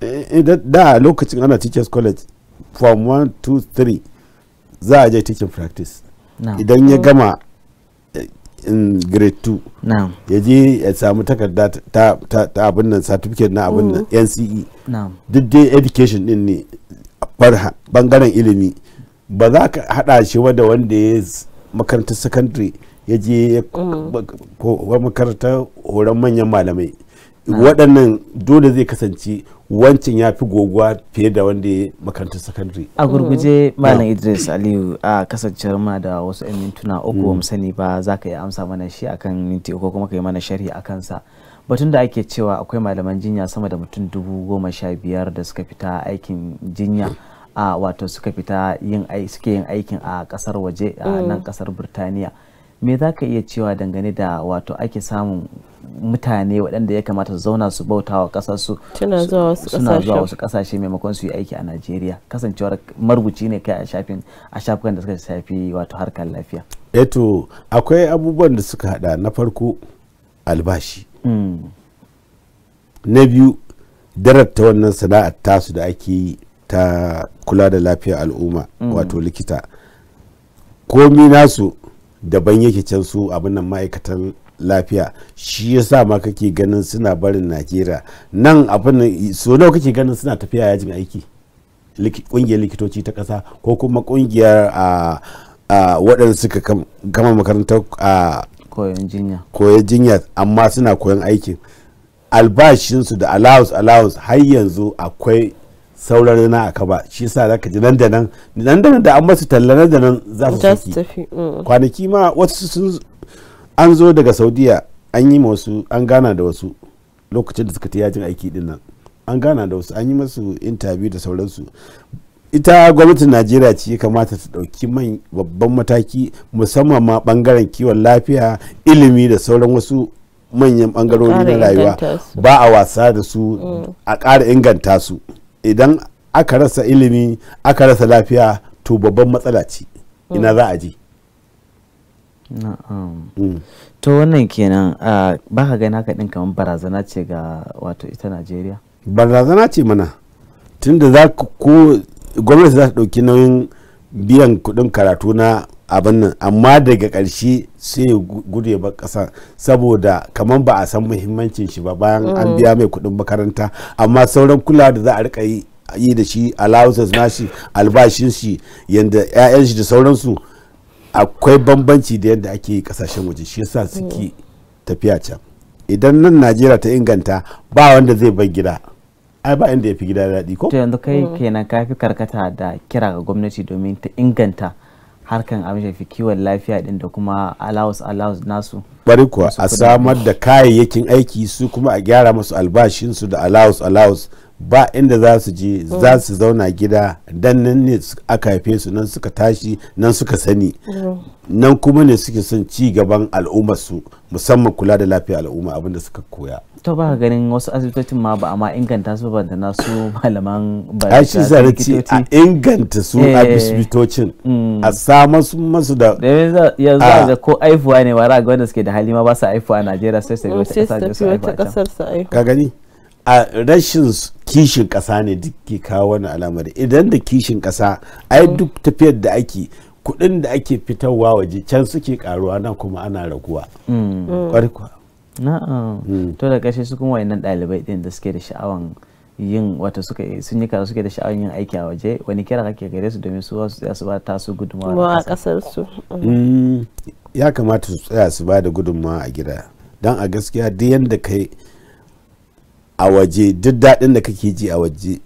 eh, da lokacin ana teachers college form 1 2 3 za a je teaching practice idan ya gama in grade 2 ya je ya samu takarda ta abin nan na abin nan oh. nce duk dai education din ne farha bangaren ilimi ba za ka hada shi wadda wanda ya makarantar secondary ya je oh. ko makarantar horon manyan malamai waɗannan dole zai kasance wancan ya fi goguwa fiye da wanda ya makarantar secondary. a gurguje mm. malam idris aliyu a kasancewar ma da wasu 'yan mintuna uku mu mm. sani ba za ka yi amsa mana shi akan minti uku kuma ka yi mana sharhi a kansa batun da ake cewa akwai malaman jinya sama da mutum dubu goma sha biyar da suka fita aikin jinya a wato suka fita yin suke yin aikin a kasar waje a nan kasar mm. birtaniya me za ka iya cewa dangane da wato ake samun mutane waɗanda ya kamata su zauna su bauta wa ƙasar su suna zuwa wasu ƙasashe maimakon su yi aiki a Najeriya kasancewar marubuci ne kai a shafin a shafukan da suka shafi wato harkar lafiya eto eh akwai abubuwan da suka hada na farko albashi hmm. na biyu darata wannan sana'ar tasu da ake yi ta kula da lafiyar al'umma hmm. wato likita komi nasu daban yake can su abin nan ma'aikatan lafiya shi yasa ma kake ganin suna barin najeriya nan abin so nawa kake ganin suna tafiya yajin aiki kungiyar likitoci ta kasa ko kuma kungiyar a waɗanda suka gama makarantar a koyon jinya amma suna koyon aikin albashinsu da allowance allowance har yanzu akwai sauran na aka ba shi yasa za ka ji nan da nan nan da nan da an masu talla nan da nan za su tafi mm. kwanaki ma wasu sun an zo daga saudiya an yi wasu an gana da wasu lokacin da suka ta yajin aiki din nan an gana da wasu an yi masu intabiyu da sauransu ita gwamnatin najeriya ce ya kamata ta dauki man babban mataki musamman ma bangaren kiwon lafiya ilimi da sauran wasu manyan bangarori na rayuwa ba a wasa da su mm. a ƙara inganta su idan aka rasa ilimi aka rasa lafiya to babban matsala ce ina mm. za a je Mm. to wannan kenan ba ka gani haka din kamar barazana ce ga wato ita najeriya barazana ce mana tunda za ku ko gwamnati za ta ɗauki nauyin biyan kuɗin karatu na abin nan amma daga ƙarshe sai gudu ba ƙasa saboda kamar ba a san muhimmancin shi ba bayan an mm. biya mai kuɗin makaranta amma sauran kula da za a rika yi da shi allowances nashi albashin shi yadda 'ya'yan shi da sauransu akwai bambanci da yadda ake kasashen waje shi yasa suke tafiya can idan nan najeriya ta inganta ba wanda zai bar gida ai ba inda ya fi gida daɗi ko to yanzu kai mm. kenan ka fi karkata da kira ga gwamnati domin ta inganta harkan abin shafi kiwon lafiya din da kuma allowance allowance nasu bari kuwa a samar da kayayyakin aiki su kuma a gyara masu albashinsu da allowance allowance ba inda za su je mm. za su zauna gida dan nan ne aka haife su nan suka tashi nan suka sani mm. nan kuma ne suke son ci gaban al'ummar su musamman kula da lafiyar al'umma abinda suka koya to ba ganin wasu asibitocin ma ba amma inganta su ba da nasu malaman ba a shi zarace a inganta su eh. asibitocin mm. a samar su masu da yanzu da ko aifuwa ne ba ra ga wanda suke da hali ma ba su aifuwa a Najeriya sai su ga wata kasar su aifuwa ka gani a rashin kishin ƙasa ne duk ke kawo wani alamar idan da kishin ƙasa ai duk tafiyar da ake kuɗin da ake fitarwa waje can suke karuwa nan kuma ana raguwa mm. na'am mm. to da kashe su kuma wayannan ɗalibai ɗin da suke da sha'awan yin wata suka sun yi karatu suke da sha'awar yin aiki a waje wani kira kake gare su domin su wasu su ba ta su gudunmawa mm, a kasar su ya kamata su tsaya su ba da gudunmawa a gida don a gaskiya duk yanda kai a waje duk daɗin da kake ji a waje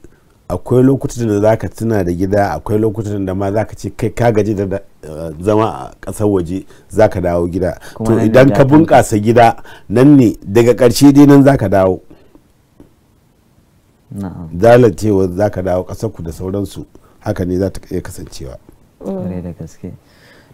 akwai lokutan da za ka tuna da gida akwai lokutan da ma za ka ce kai ka gaji da eh, zama a ƙasar waje za ka dawo gida to idan ka bunƙasa gida nan ne daga ƙarshe dai nan za ka dawo zalacewa za ka dawo ƙasarku da sauransu haka ne za ta iya kasancewa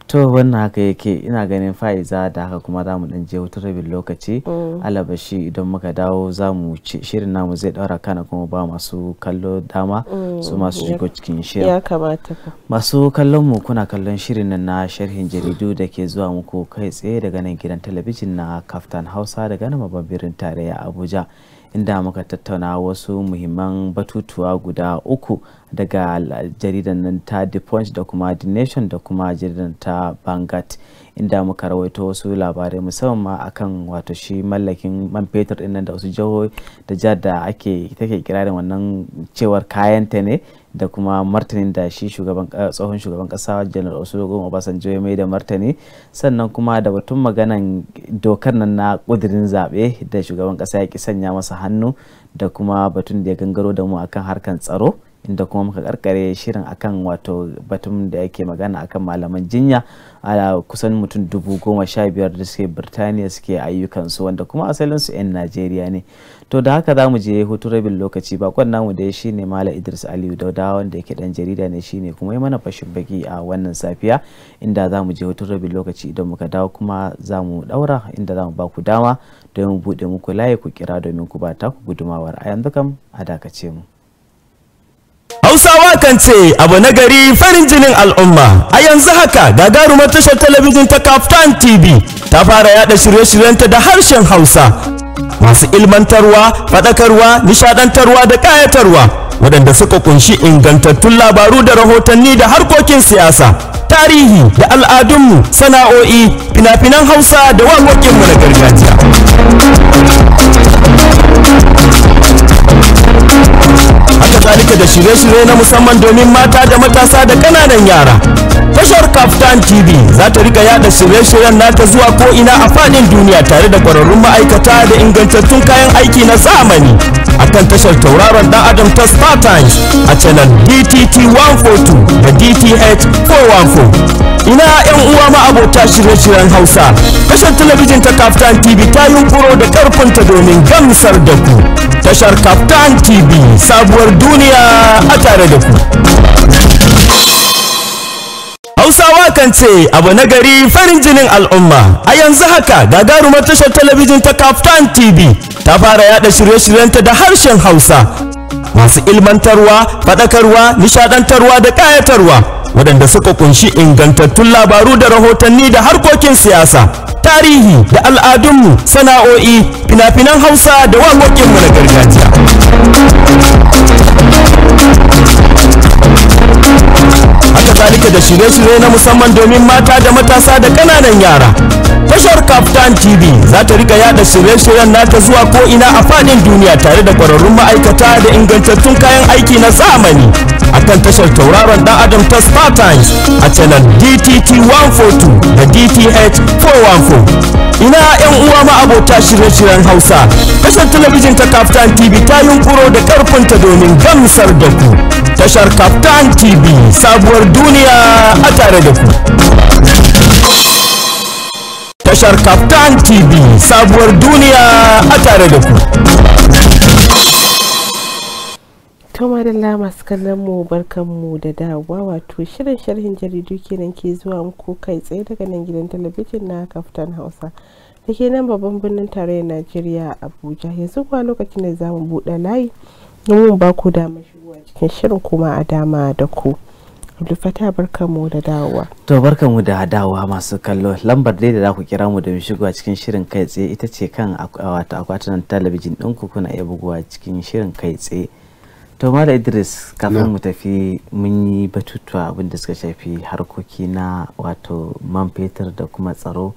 to wannan haka yake ina ganin fa'iza da haka kuma za mu dan je wata rabin lokaci mm. alabashi idan muka dawo za mu shirin namu zai daura kana kuma ba masu kallo dama mm, su masu shigo cikin shirin ya kamata masu kallon mu kuna kallon shirin nan na sharhin jaridu da ke zuwa muku kai tsaye daga nan gidan talabijin na kaftan hausa daga nan babban birnin tarayya abuja inda muka tattauna wasu muhimman batutuwa guda uku daga jaridar nan ta the punch da kuma the nation da kuma jaridar ta bangat inda muka rawaito wasu labarai musamman ma akan wato shi mallakin man fetur din nan da wasu jihohi da jihar da ake take kirarin wannan cewar kayan ta ne da kuma martanin da shi shugaban eh, tsohon shugaban kasa janar olusegun obasanjo ya mai da martani sannan kuma da batun maganan dokar nan na kudirin zaɓe da shugaban kasa ya ki sanya masa hannu da kuma batun da ya gangaro da mu akan harkan tsaro inda kuma muka karkare shirin akan wato batun da yake magana akan malaman jinya a kusan mutum dubu goma sha biyar da suke birtaniya suke ayyukansu wanda kuma asalin su 'yan najeriya ne to da haka za mu je hutu rabin lokaci ba bakon namu da shi ne mala idris aliyu dauda wanda yake dan jarida ne shine kuma ya mana fashin baki a wannan safiya inda za mu je hutu rabin lokaci idan muka dawo kuma za mu daura inda za mu ba ku dama don buɗe muku layi ku kira domin ku ba ta ku gudumawar a yanzu kam a dakace mu Hausawa kan ce abu na gari farin jinin al'umma a yanzu haka gagarumar tashar talabijin ta Kaftan TV ta fara yada shirye-shiryenta da harshen Hausa masu ilmantarwa, faɗakarwa, nishadantarwa da ƙayatarwa. waɗanda suka kunshi ingantattun labaru da rahotanni da harkokin siyasa tarihi da al'adunmu sana'o'i fina-finan hausa da waƙoƙinmu na gargajiya haka zalika da shirye-shirye na musamman domin mata da matasa da ƙananan yara tashar kaftan tv za ta rika yada shirye-shiryen nata zuwa ko'ina a fadin duniya tare da kwararrun ma'aikata da ingantattun kayan aiki na zamani akan tashar tauraron dan adam ta part-times a channel DTT 142 da DTH 414. ina yan uwa ma abota shirye-shiryen hausa tashar talabijin ta kaftan tv ta yi yunkuro da karfinta domin gamsar da ku tashar kaftan tv sabuwar duniya a tare da ku hausawa kan ce abu na gari farin jinin al'umma a yanzu haka gagarumar tashar talabijin ta kaftan tv ta fara yada shirye-shiryenta da harshen hausa masu ilmantarwa faɗakarwa nishaɗantarwa da ƙayatarwa waɗanda suka kunshi ingantattun labaru da rahotanni da harkokin siyasa tarihi da al'adunmu sana'o'i fina-finan hausa da waƙoƙinmu na gargajiya haka zalika da shirye-shirye na musamman domin mata da matasa da ƙananan yara Kafar Kaftan TV za ta rika yada shirye-shiryen nata zuwa ko ina a fadin duniya tare da kwararrun ma'aikata da ingantattun kayan aiki na zamani a kan tashar tauraron dan Adam ta Star Times a channel DTT 142 da DTH 414 ina yan uwa ma abota shirye-shiryen Hausa tashar talabijin ta Kaftan TV ta yunkuro da karfinta domin gamsar da ku tashar Kaftan TV sabuwar duniya a tare da ku tashar Captain TV sabuwar duniya a tare da ku. Toma da masu kallon mu barkan mu da dawowa wato shirin sharhin jaridu kenan ke zuwa muku kai tsaye daga nan gidan talabijin na kaftan Hausa. Da ke nan babban birnin tarayyar Najeriya Abuja yanzu kuwa lokacin da za mu buɗe layi domin ba ku damar shigowa cikin shirin kuma a dama da ku. Abdulfata mu da dawowa. To mu da dawowa masu kallo lambar dai da za ku kira mu da mu shigo cikin shirin kai tsaye ita ce kan wato akwatunan talabijin ku kuna iya buguwa cikin shirin kai tsaye. To Mala Idris kafin mu tafi mun yi batutuwa abin da suka shafi harkoki na wato man fetur da kuma tsaro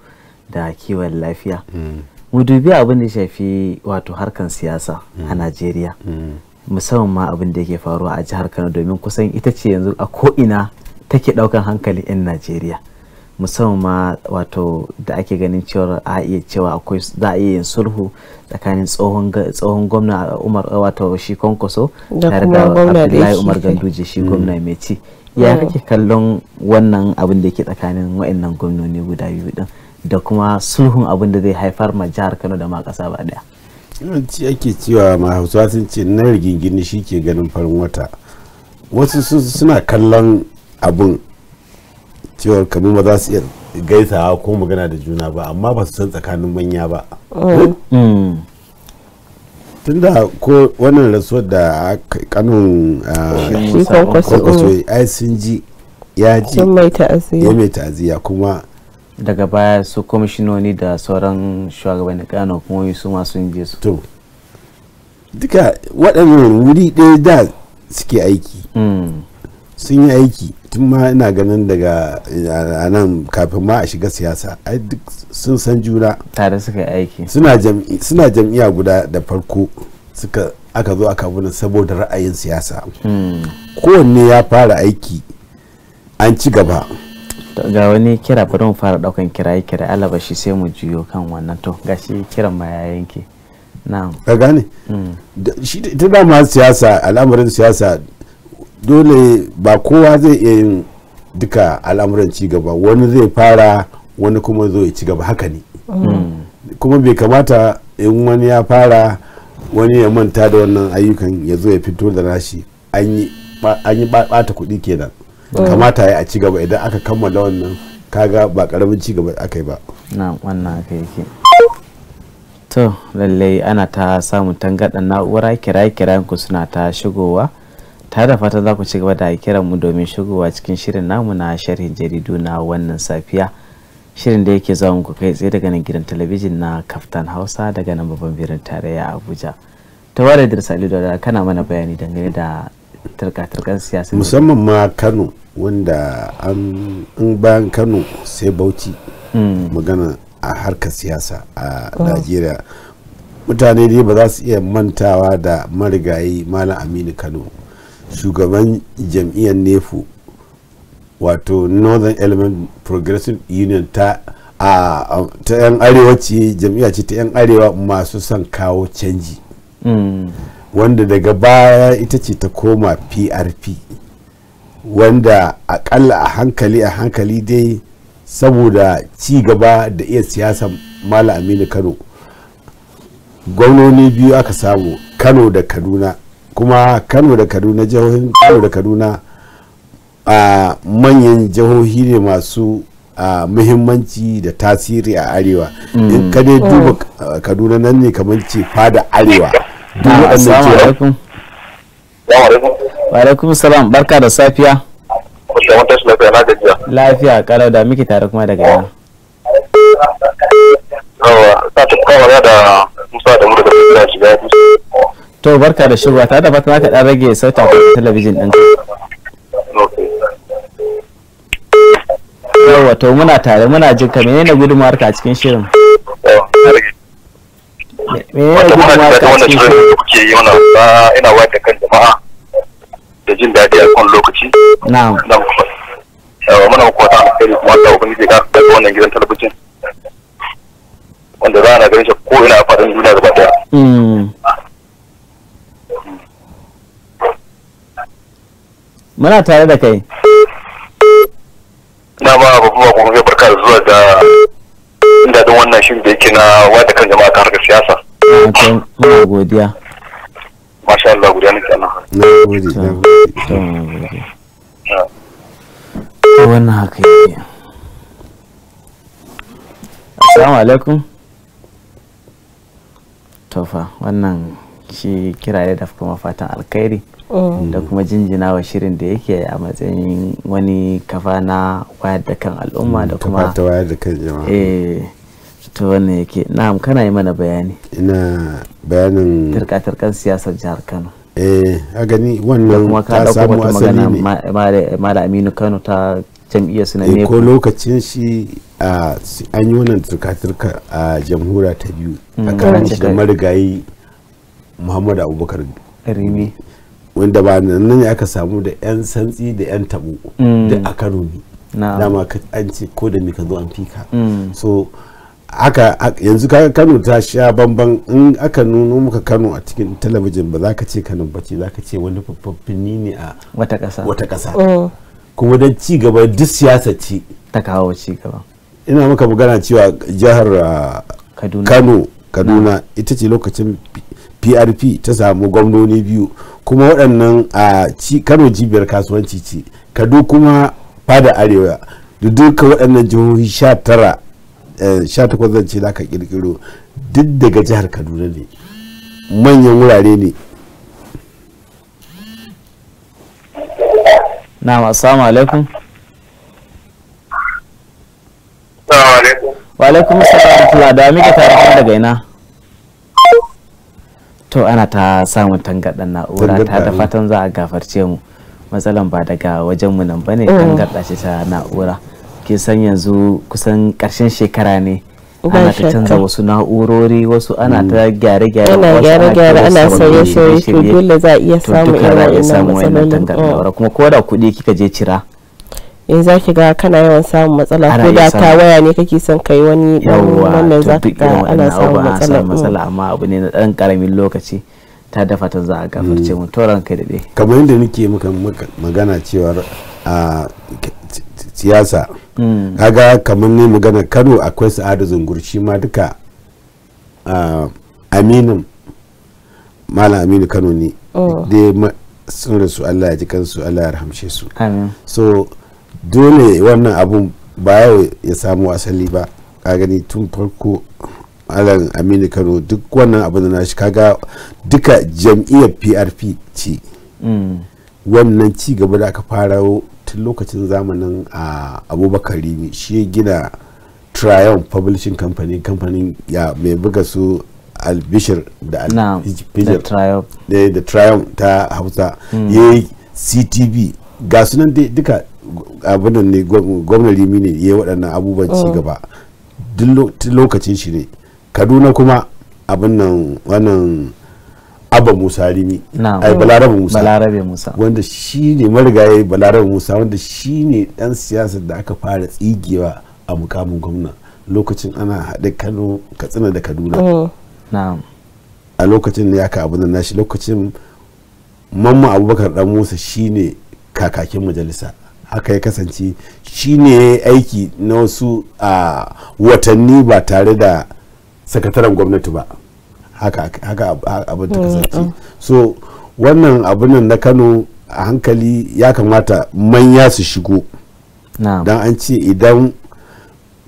da kiwon lafiya. Mm. Mu dubi abin da shafi wato harkan siyasa a mm. Najeriya. Mm. musamman ma abin da yake faruwa a jihar kano domin kusan ita ce yanzu a ko'ina take daukan hankali 'yan najeriya musamman ma wato da ake ganin cewar a iya cewa akwai za a iya yin sulhu tsakanin tsohon gwamna umar wato shi kwankwaso tare da abdullahi umar ganduje shi mm. gwamna mai ci ya mm. kake kallon wannan abin da ke tsakanin wa'annan gwamnoni guda biyu din da kuma sulhun abin da zai haifar ma jihar kano da ma kasa ba daya yawanci ake cewa ma hausa sun ce na rigingine shi ke ganin farin wata wasu suna kallon abun cewar kamar ba za su iya gaisawa ko magana da juna ba amma ba su san tsakanin manya ba oh. hmm. tunda ko wannan rasuwar da kanun ah, shi ya ji ya mai ta'aziyya kuma daga baya su kwamishinoni da sauran shugabanni kano kuma su masu je su to duka waɗannan wuri ɗaya da suke aiki hmm. sun yi aiki tun ma ina ganin daga nan kafin ma a shiga siyasa ai duk sun san juna tare suka aiki suna jam'iyya guda da farko suka aka zo aka abu saboda ra'ayin siyasa hmm. kowanne ya fara aiki an ci gaba ga wani kira bari mu fara daukan kiraye kira alaba shi sai mu juyo kan wannan to gashi kiran ma ya yanke na'am ka gane mm. shi ta ma siyasa al'amarin siyasa dole ba kowa zai iya yin duka al'amuran ci gaba wani zai fara wani kuma zo ya ci gaba haka ne mm. kuma bai kamata in wani ya fara wani ya manta da wannan ayyukan ya zo ya fito da nashi an yi bata kuɗi kenan kamata ya a ci gaba idan aka kammala wannan kaga ba karamin ci gaba aka yi ba na wannan aka yake to lallai ana ta samun tangaɗan na'ura kira-kira ku suna ta shigowa ta da fata za ku ci gaba da kiran mu domin shigowa cikin shirin namu na sharhin jaridu na wannan safiya shirin da yake zuwa ku kai tsaye daga nan gidan talabijin na kaftan hausa daga nan babban birnin tarayya abuja ta ware da salido da kana mana bayani dangane da turka-turkan siyasa musamman ma kano wanda an bayan kano sai bauchi hmm. magana a harkar siyasa a najeriya mutane dai ba za su iya mantawa da marigayi malam aminu kano shugaban jam'iyyar nefu wato northern element progressive union ta a ta yan arewaci jam'iyya ce ta yan arewa masu son kawo canji hmm. wanda daga baya ita ce ta koma prp wanda akalla a hankali a hankali dai saboda ci gaba da iya siyasa mala aminu kano gwamnoni biyu aka samu kano da kaduna kuma kano da kaduna jihohin kano da kaduna a manyan jihohi ne masu a muhimmanci da tasiri a arewa in ka dai duba mm. kaduna nan ne kamar ce fada arewa fatan alaikum wa alaikum salam barka da safiya lafiya kalau da muke tare kuma daga yana to barka da shirwa ta da fatan ka dan rage sautin talabijin din ka. yawa to muna tare muna jin ka menene gudunmawar ka cikin shirin me ya da gudunmawa ta wannan shirin da kuke yi mana ba ina wayar da kan jama'a da jin daɗi a kan lokaci na'am na'am muna kuma ta alheri kuma ta hukun ke ga daga wannan gidan talabijin wanda za na ganin shi ko ina a faɗin duniya gaba ɗaya hmm. muna tare da kai na ma babu ma kuma zai barka da zuwa da. jin daɗin wannan shirin da yake na wata kan jama'a ta harkar siyasa. Muna godiya. Masha Allah godiya nake ana. Na gode. Wannan haka yake. Assalamu alaikum. Tofa wannan shi kiraye da kuma fatan alkhairi. da kuma jinjina wa shirin da yake a matsayin wani kafa na wayar da kan al'umma da kuma wayar da kan jama'a ta wannan yake na'am kana yi mana bayani ina bayanin turka-turkan siyasar jihar kano eh a gani wannan ta samu asali ne mala aminu kano ta jam'iyyar suna. ne eh, ko lokacin shi an yi wannan turka-turka a jamhuriya ta biyu hmm. a kan shi da marigayi muhammadu abubakar rimi wanda ba nan ne aka samu da 'yan santsi da 'yan tabo hmm. da aka ne dama an ce ko da ni ka zo an fika hmm. so aka yanzu ka kano ta sha bamban in aka nuno muka kano a cikin talabijin ba za ka ce kano ba ce za ka ce wani faffafini ne a wata ƙasa wata ƙasa oh. kuma don ci gaba duk siyasa ce ta kawo ci gaba ina muka magana cewa jihar ah, kano kaduna ita ce lokacin prp ta samu gwamnoni biyu kuma waɗannan a ah, ci kano jibiyar kasuwanci ce kadu kuma fada arewa da duka waɗannan jihohi sha tara 18 zan ce zaka kirkiro duk daga jihar kaduna ne manyan wurare ne na assalamu alaikum wa alaikum salam da muke tare daga ina to ana ta samun tangarɗar na'ura ta da fatan za a gafarce mu matsalan ba daga wajenmu nan bane oh. tangaɗa ce ta na'ura kin san yanzu kusan karshen shekara ne ana ta canza wasu na'urori wasu ana ta mm. gyare-gyare ana gyare-gyare ana sauye-sauye to dole za a iya samu irin wannan matsalolin mm. kuma ko da kuɗi kika je cira in eh, za ki ga kana yawan samun matsala ko da ta waya ne kake son kai wani dan wannan za ka ga ana samun mm. matsala amma abu ne na dan karamin lokaci ta dafa ta za a gafarce mu to kai da dai kamar yadda nake maka magana cewa a ah, siyasa hmm. kaga kamar ne magana kano akwai sa'adu zungurci ma duka aminin malam aminu kano ne oh. da sun rasu allah ya ji kansu allah ya rahamshe su so dole wannan abun ba ya samu asali ba ka gani tun farko alan aminu kano duk wannan abu da nashi kaga duka jam'iyyar prp ce hmm. wannan ci gaba da aka fara tun lokacin zamanin a abubakar rimi shi ya gina triumph publishing company kamfanin ya mai buga su albishir da albishir eh, da triumph ta hausa hmm. ya yi ctv ga sunan duka abinan ne gwamnan rimi ne ya yi waɗannan abubuwan ci oh. gaba Tun lokacin shi ne kaduna kuma abin nan wannan abba musa rimi ai balarabe musa balarabe musa wanda shi ne marigayi balarabe musa wanda shi ne dan siyasar da aka fara tsigewa a mukamin gwamna lokacin ana haɗe kano katsina da kaduna oh. a lokacin ya ka abin nashi lokacin Mamman abubakar dan musa shi ne kakakin majalisa haka ya kasance shi ne ya aiki na wasu a watanni ba tare da sakataren gwamnati ba haka abin ta mm, kasance mm. so wannan abin na kano a hankali ya kamata manya su shigo don an ce idan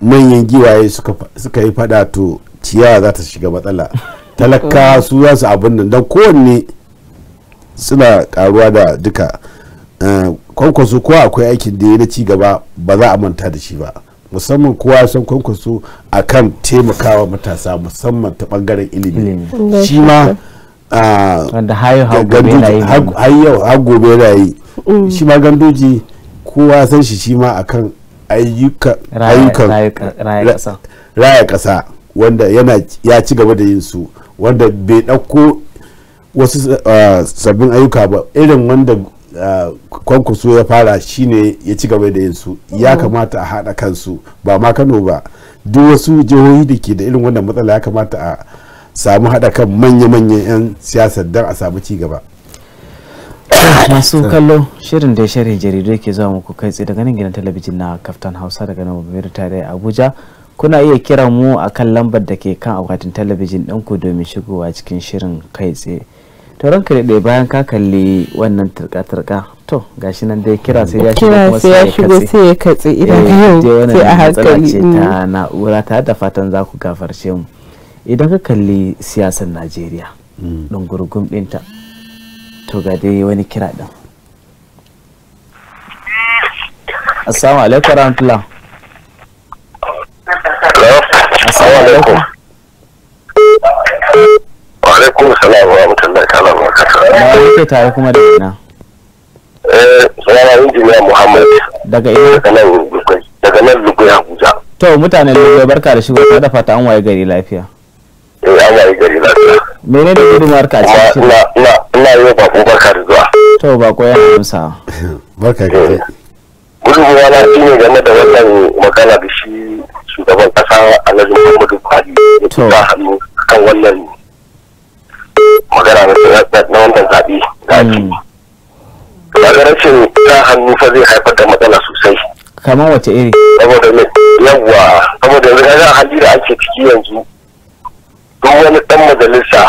manyan giwaye suka yi fada to ciyawa za ta shiga matsala talaka mm. su za su abin nan don kowanne suna karuwa da duka eh, kwankwaso ko akwai aikin da ya na ci gaba ba za a manta da shi ba musamman kowa san kwankwaso a kan taimakawa matasa musamman ta bangaren ilimi shi ma har gobe rayu mm. shi ma gandoji kowa san shi shi ma a kan ayyukan raya ƙasa wanda yana ya ci gaba da yin su wanda bai ɗauko wasu ah, sabbin ayyuka ba irin wanda kwankwaso ya fara shine ya ci gaba da yinsu ya mm. kamata a haɗa kansu ba ma kano ba duk wasu jihohi da ke da irin wannan matsala ya kamata a samu haɗa kan manya-manyan 'yan siyasar don a samu ci gaba masu kallo shirin da shirin jaridu ke zuwa muku kai tsaye daga nan gidan talabijin na kaftan hausa daga nan babbar tarayya abuja kuna iya kira mu akan lambar da ke kan akwatin talabijin ɗinku domin shigowa cikin shirin kai tsaye tauron kare ɗaya bayan ka kalli wannan turka-turka to gashi nan dai kira sai ya shigo kuma sai ya shigo sai ya katse idan yau eh, sai a hankali ce ta mm. na'ura ta da fatan za ku gafarce mu idan ka kalli siyasar najeriya don mm. gurgun to ga dai wani kira ɗin assalamu alaikum rahmatullah assalamu alaikum wa alaikum salam Ba yake tare kuma da ina. Eh, injiniya Muhammad. Daga ina? Daga nan Lugoi. Daga nan Lugoi Abuja. To mutanen eh. Lugoi barka da shigo ta da fata an waye gari lafiya. Eh, an waye gari lafiya. Mene da gudunmawar ka ce? Ina ina ina yi bako barka da zuwa. To k'o yana amsa. Barka ka ce. Eh. Gudunmawa na shi ne game da wannan magana da shi shugaban kasa Alhaji Muhammadu Buhari. To. Kan wannan magana na wannan zaɓe da ake daga rashin ya hannu fa zai haifar da matsala sosai kama wace iri saboda ne yawwa saboda yanzu kaga hali da ake ciki yanzu duk wani dan majalisa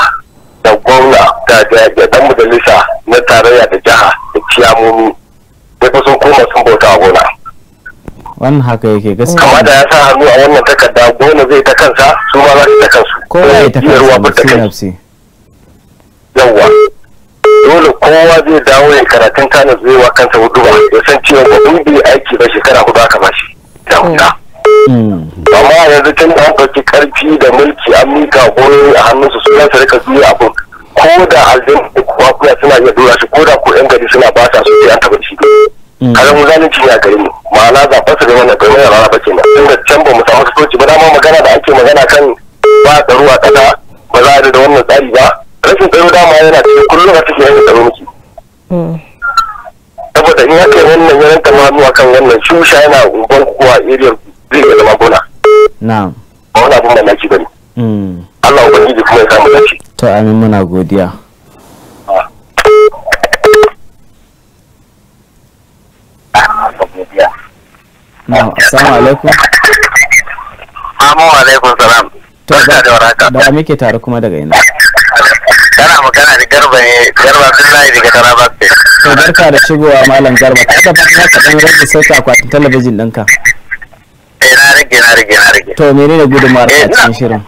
da gwamna ga da dan majalisa na tarayya da jiha da ciyamomi da fa sun koma sun bauta a gona wannan haka yake gaskiya kama da ya sa hannu a wannan takarda gona zai ta kansa su ma za su ta kansu kowa ya ta kansa nafsi nafsi yawwa dole kowa zai dawo ya karatun tana zai wa kansa hudu ba ya san cewa ba in bai aiki ba shekara hudu aka bashi da huda mm-hmm. amma yanzu tun da ɗauki karfi da mulki an mika goyo a hannunsu su za su rika zuwa abin ko da aljihun kuma kuya suna iya dora shi ko da ko yan gari suna ba sa su an taɓa shi mm-hmm. kada mu zalunci ya gari mu ma'ana zaɓar su da wannan gari wannan rana ba ke nan inda da can ba mu samu soci ba dama magana da ake magana kan ba tsaro a kada ba za a da wannan tsari ba rashin tsaro dama yana da kullum a cikin rashin tsaro muke hmm. saboda in haka wannan ya ranta ma zuwa kan wannan shusha yana unguwar kuwa area zai ga zama gona na'am ba wani abin mamaki bane hmm. Allah ubangiji kuma ya samu dace to amin muna godiya ah. Na'am, assalamu alaikum. Assalamu alaikum salam. To da da muke tare kuma daga ina. kana magana da garba ne garba abdullahi daga taraba ce to barka da shigowa malam garba ka da fata ka dan rage sauka akwatin talabijin ɗinka eh na rage na rage na rage to menene gudumar ka eh, cikin shirin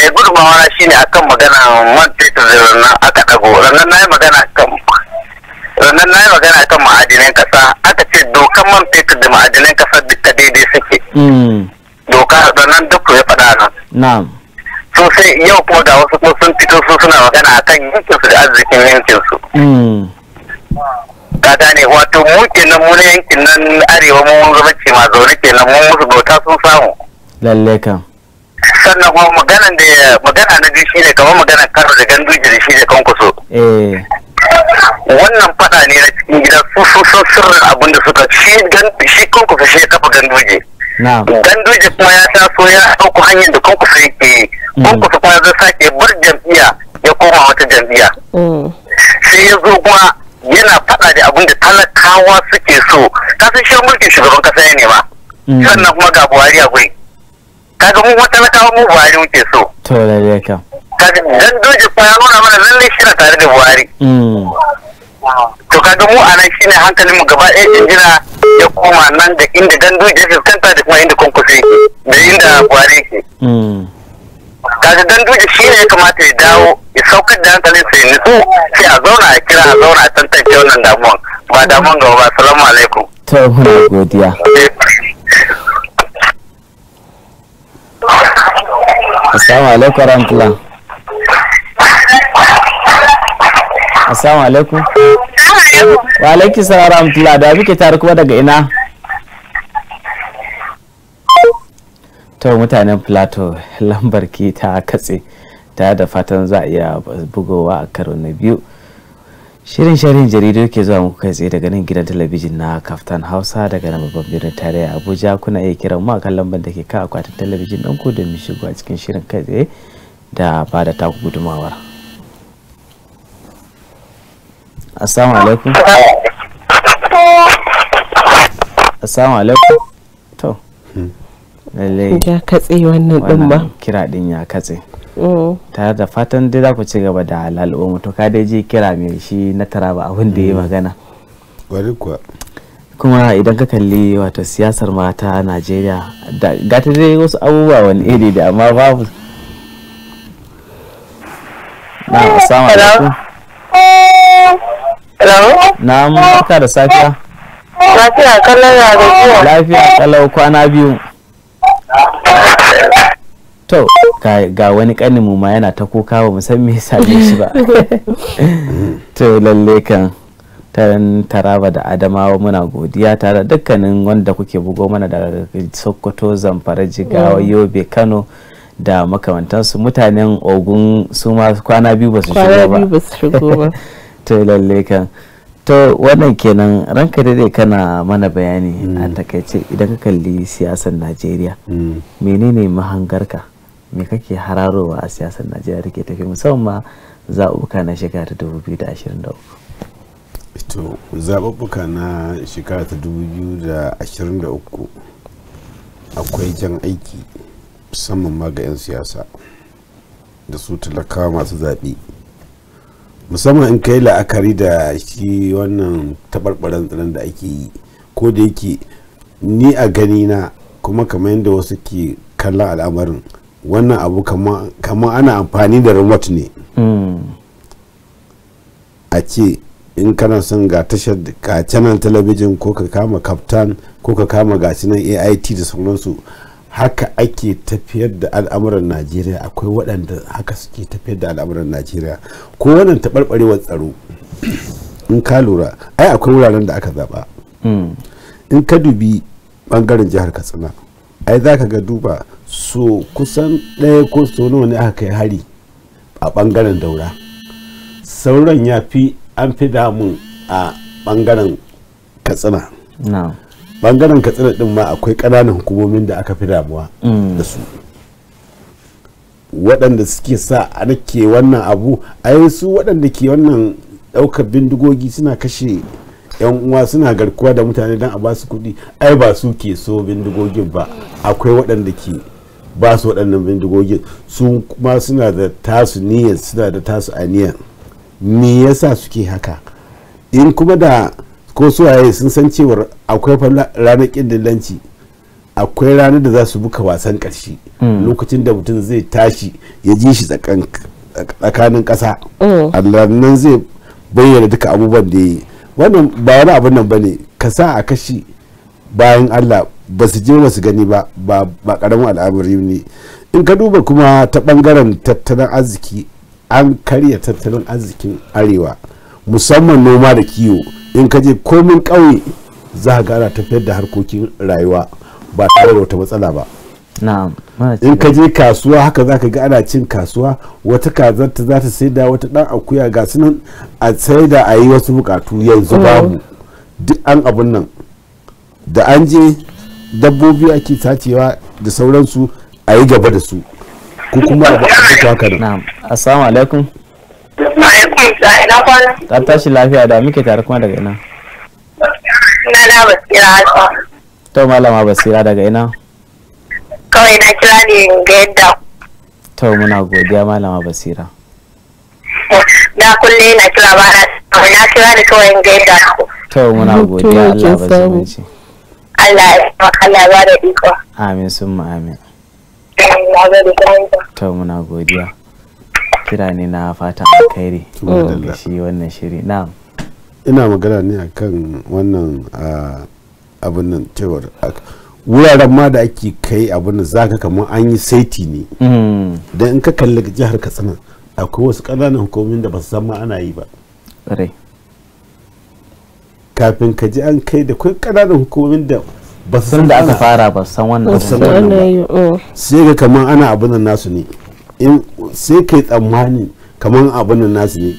eh gudumar na shine akan magana man fetur da nan aka dago ranan nayi magana kan ranan nayi magana kan ma'adinan kasa aka ce dokan man fetur da ma'adinan kasa duka daidai suke mm. doka ranar duk ya faɗa nan na'am su sai yau kuma da wasu ko sun fito su suna magana a kan yankinsu da arzikin yankinsu ka gane wato mu kenan mu na yankin nan arewa mun zama ce ma zaune kenan mu musu bauta sun samu lalle kan sannan kuma maganan da magana na biyu ne kamar magana kan da ji da shi ne kankuso eh wannan fada ne na cikin gida su su sirrin abin da suka shi shi kankuso shi ya kafa ganduje Ganduje kuma ya taso ya dauko hanyar da sai yake yi. Mm. su kuma zai sake bar jam'iyya ya koma wata jam'iyya. Mm. Sai ya zo kuma yana faɗa da abin da talakawa suke so. san shi mulkin shugaban kasa ya nema. Mm. Sannan kuma ga Buhari a guri. Kaga mu wata talakawa mu Buhari muke so. To da Kaga Ganduje kuma ya nuna mana lallai shi na tare da Buhari. to kaga mu a nan shine mu gaba ɗaya jinjina ya koma nan da inda gandu ya fuskanta da kuma inda kunkusi da inda gwari ke hmm. kaga gandu shi ne ya kamata ya dawo ya saukar da hankalin sai nutsu sai a zauna a kira a zauna a tantance wannan damuwan ba damuwan gaba ba salamu alaikum ta muna godiya assalamu alaikum warahmatullahi Assalamu alaikum. Wa alaikum salam rahmatullah da muke tare kuma daga ina? To mutanen Plato lambar ki ta katse ta da fatan za a iya bugowa a karo na biyu. Shirin shirin jaridu ke zuwa muku kai tsaye daga nan gidan talabijin na Kaftan Hausa daga nan babban birnin tarayya Abuja kuna iya kiran mu akan lambar da ke ka akwatin talabijin da mu shigo a cikin shirin kai tsaye da ba da taku gudumawar. assalamu alaikum assalamu alaikum to hmm. ya katse wannan din ba kira din ya katse mm. tare da fatan dai za ku ci gaba da halal to ka dai je kira mai shi na taraba abin da ya hmm. magana kuma idan ka kalli wato siyasar mata najeriya ga ta dai wasu abubuwa wani iri da amma babu na assalamu alaikum Na'am barka da safiya. Lafiya kallon ya gajiya. Lafiya kallon kwana biyu. To ga wani kanin mu ma yana ta kuka wa musamman ya yasa shi ba. To lalle kan taron taraba da adamawa muna godiya tare dukkanin wanda kuke bugo mana daga sokoto zamfara jigawa mm. yobe kano da makamantansu mutanen ogun su ma kwana biyu ba su shigo ba to lalle ka to wannan kenan ranka daidai kana mana bayani mm. a takaice idan ka kalli siyasar najeriya mm. menene mahangarka me kake hararowa a siyasar najeriya da ke tafi musamman ma zaɓuɓɓuka na shekara ta 2023 to zaɓuɓɓuka na shekara ta 2023 akwai jan aiki musamman ma ga 'yan siyasa da su talakawa masu zaɓe musamman in kai la'akari da shi wannan tabarbaran tsaron da ake yi ko da yake ni a gani na kuma kamar yadda wasu ke kallon al'amarin wannan abu kamar ana amfani da remote ne hmm. a ce in kana son ga tashar ga canan talabijin ko ka kama kaftan ko ka kama gashi ait da sauransu haka ake tafiyar da al'amuran najeriya akwai waɗanda haka suke tafiyar da al'amuran najeriya ko wannan taɓarɓarewar tsaro in ka lura ai akwai wuraren da aka zaɓa hmm. in ka dubi ɓangaren jihar katsina ai za ka ga duba so kusan ɗaya ko so nawa ne aka kai hari a ɓangaren daura sauran ya fi an fi damun a ɓangaren katsina bangaren katsina din ma akwai ƙananan hukumomin da aka fi damuwa mm. da su waɗanda suke sa ke wannan abu ai su waɗanda ke wannan ɗaukar bindigogi suna kashe yan uwa suna garkuwa da mutane don a ba su kuɗi ai ba su ke so bindigogin ba akwai waɗanda ke ba su waɗannan bindigogin su kuma suna da tasu niyyar suna da tasu aniyar me yasa suke haka in kuma da ko suwaye sun san cewar akwai ranar ƙin akwai ranar da za su buka wasan ƙarshe mm. lokacin da mutum zai tashi ya ji shi tsakanin ƙasa mm. allah nan zai bayyana duka abubuwan da ya yi wannan ba wani abin nan ba ne ka sa a kashi bayan allah ba su je ba su gani ba ba karamin al'amari ne in ka duba kuma ta bangaren tattalin arziki an karya tattalin arzikin arewa musamman noma da kiwo in ka je komin ƙauye za ka gara tafiyar da harkokin rayuwa ba tare da wata matsala ba in ka je kasuwa haka za ka ga ana cin kasuwa wata kazar ta za ta da wata dan akuya ga su nan a da a yi wasu bukatu yanzu mm. babu duk an abun nan da an je dabbobi ake sacewa da sauransu a yi gaba da su ko kuma a haka nan assalamu alaikum Ta tashi lafiya da muke tare kuma daga ina. Ina na basira haka. To malama basira daga ina. Kawai na kira ne ga yadda. To muna godiya malama basira. Da kulle na kira ba na na kira ne kawai ga yadda. To muna godiya Allah ba su mace. Allah ya Allah ya ba da iko. Amin sun amin. Eh, to muna godiya. kira ne na fatan alkhairi da shi wannan shiri na ina magana ne akan wannan abin nan cewar wuraren ma da ake kai abin za ka kamar an yi saiti ne mm. don in ka kalli jihar katsina akwai wasu ƙananan hukumomin da ba su san ma ana yi ba kafin ka ji an kai da kai ƙananan hukumomin da ba su san da aka fara ba san wannan sai ga kamar ana abin nasu ne sai kai tsammani kamar abin nan nasu ne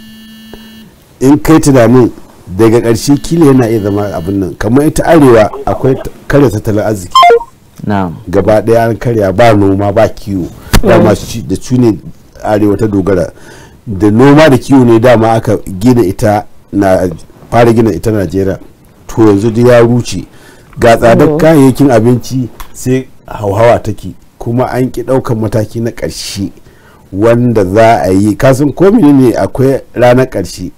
in kai tunanin daga ƙarshe kila yana iya zama abin nan kamar ita arewa akwai karya tattalin arziki gaba ɗaya an karya ba noma ba kiwo dama mm. da su ne arewa ta dogara da noma da kiwo ne dama aka gina ita na fara gina ita najeriya to yanzu da ya ruce ga tsadar kayayyakin abinci sai hauhawa take kuma an ki ɗaukan mataki na ƙarshe wanda za a yi kasan komini ne akwai ranar ƙarshe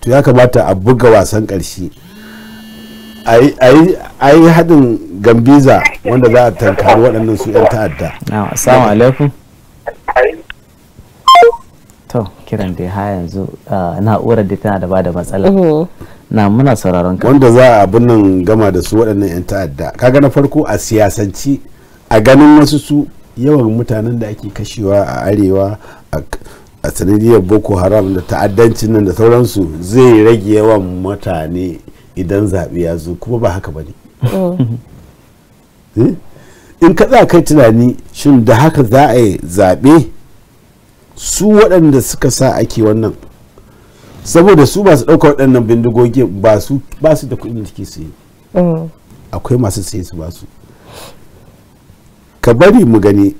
to ya kamata a buga wasan ƙarshe a yi haɗin gambiza wanda za a tankari waɗannan su 'yan ta'adda to kiran da ha yanzu ah, na'urar da tana da ba da matsala na muna sauraron ka wanda za a nan gama da su waɗannan 'yan ta'adda kaga na farko a siyasanci a ganin wasu su yawan mutanen da ake kashewa a arewa a sanadiyar boko haram da ta'addanci nan da sauransu zai rage yawan mutane idan zaɓe ya zo kuma ba haka ba ne mm. eh? in ka za kai tunani shin da haka za a yi zaɓe su waɗanda suka sa ake wannan saboda su masu ɗauka waɗannan bindigogin ba su da kuɗin da ke su mm. akwai masu sai su ba su ka bari mu gani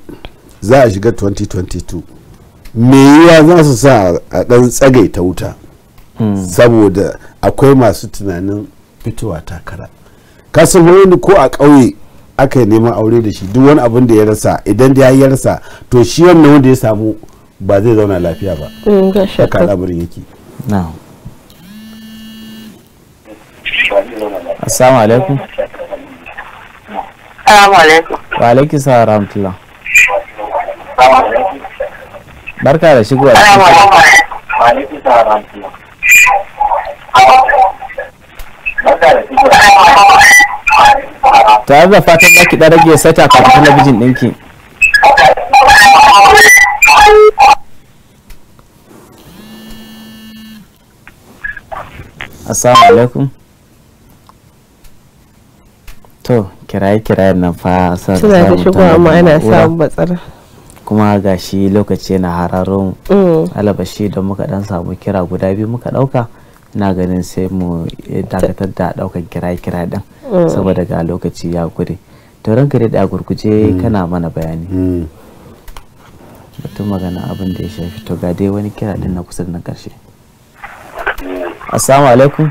za a shiga 2022 me yiwa za su sa a dan ta wuta hmm. saboda akwai masu tunanin fitowa takara kasan wani ko a ƙauye aka yi neman aure da shi duk wani abin da ya rasa idan da ya rasa to shi wannan wanda ya samu ba zai zauna lafiya ba eh, haka yake assalamu alaikum assalamu wa alaiki salam barka da shigowa tare da fatan za ki ɗan rage sata kafin talabijin ɗinki assalamu alaikum kiraye-kirayen nan fa sa suna da shigo amma samun matsala kuma ga shi lokaci na hararun. Mm. alabashi don muka dan samu kira guda biyu muka dauka na ganin sai mu dakatar da daukan kiraye-kiraye din mm. saboda ga lokaci ya gure to gari da gurguje mm. kana mana bayani batun magana abin da ya shafi to ga dai wani kira din na kusa na karshe assalamu alaikum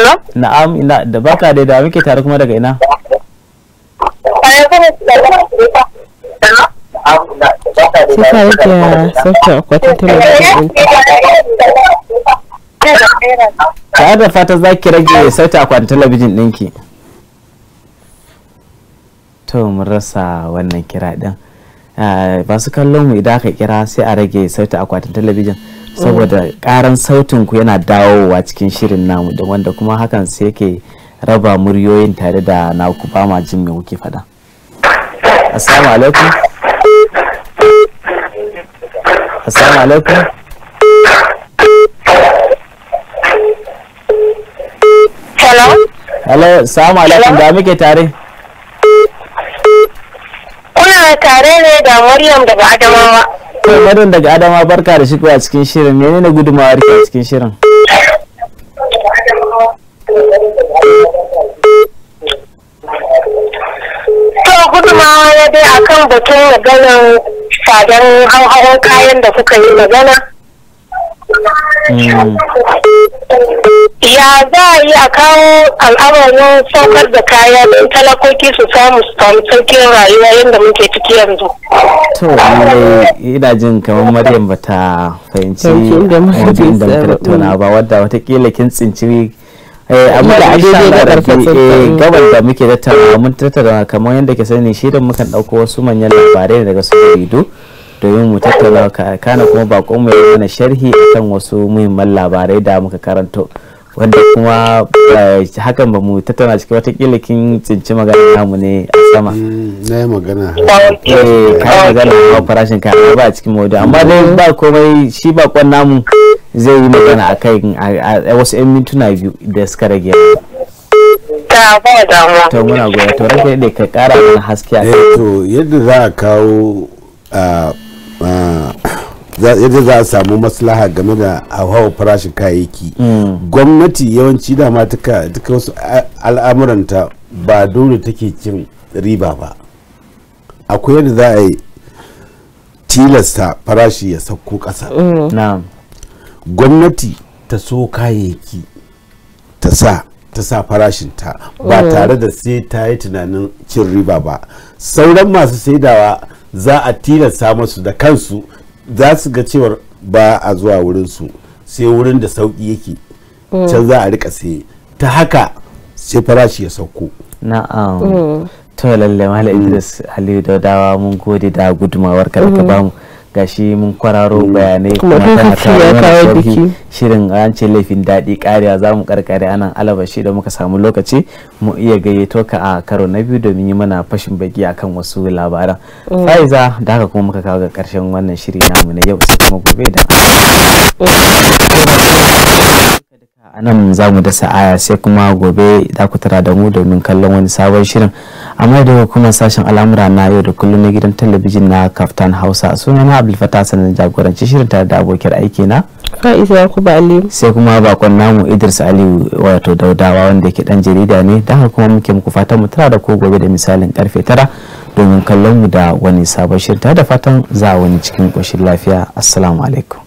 Hello? Na'am ina da baka dai da muke tare kuma daga ina. Sai ka yi da sauke akwatin talabijin ɗinki. Ta da fata za ki rage a akwatin talabijin ɗinki. To mun rasa wannan kira ɗin. Ah, su kallon mu idan aka kira sai a rage a akwatin talabijin. saboda karan sautin ku yana dawowa cikin shirin namu da wanda kuma hakan sai yake raba muryoyin tare da na ba ma jin me kuke fada assalamu alaikum assalamu alaikum hello hello assalamu alaikum da muke tare kuna tare ne da maryam daga adamawa Kamarin daga Adama barka da a cikin shirin na gudunmawar ke cikin shirin? To gudumawa ya dai akan batun maganar tsadar hau kayan da suka yi magana. Hmm. ya za a yi a kawo al'amarin saukar da kaya don talakoki su samu sauƙin rayuwa yadda muke ciki yanzu. To, eh, ina jin kamar Maryam ba ta fahimci wajen da muka tattauna mm. ba wadda watakila kin tsinci eh, amma da an sha da ƙarfi eh, gabar da muke tattauna mun tattauna kamar yadda ke sani shirin mukan ɗauko wasu manyan labarai daga su jaridu. domin mu tattauna kana kuma bakon mai mana sharhi akan wasu muhimman labarai da muka karanto wanda kuma eh, hakan ba mu tattauna cikin watakila kin cinci magana namu ne a sama mm, na yi magana eh ka magana a farashin kaya ba a cikin maudu amma dai ba komai shi bakon namu zai yi magana a kai wasu 'yan mintuna biyu da suka rage ta muna goya to rage da ka kara mana haske a eh, to yadda za a kawo a ah, Ah, yadda za a samu maslaha game da hauhawar farashin kayayyaki mm. gwamnati yawanci dama duka wasu al'amuranta ba dole take cin riba ba akwai yadda za a yi tilasta farashi ya sauko ƙasa mm. gwamnati ta so kayayyaki ta sa ta sa farashinta ba mm. tare da sai ta yi tunanin cin riba ba sauran masu saidawa za a tilasta masu da kansu za su ga cewar ba a zuwa wurin su sai wurin da sauki yake mm. can za a rika sai ta haka sai farashi ya sauko na'am mm. to lalle malam mm. idris aliyu da dawa mun gode da gudumawar ka bamu gashi mun kwararo mm. bayanai kuma tana kawo biki shirin an laifin daɗi ƙariya za mu karkare anan shi da muka samu lokaci mu iya gayyato ka a karo na biyu domin yi mana fashin baki akan wasu labaran mm. fa'iza da haka kuma muka kawo ga karshen wannan shiri namu na yau sai kuma gobe da a nan za mu dasa aya sai kuma gobe za ku tara da mu domin kallon wani sabon shirin amma da hukumar sashen al'amura na yau da kullum na gidan talabijin na kaftan hausa suna sunana abdulfatah sanin jagoranci shirin tare da abokiyar aiki na ya kuma aliyu sai kuma bakon namu idris aliyu wato daudawa wanda ke dan jarida ne don haka kuma muke muku fatan mu tara da ko gobe da misalin karfe tara domin kallon mu da wani sabon shirin tare da fatan za wani cikin koshin lafiya assalamu alaikum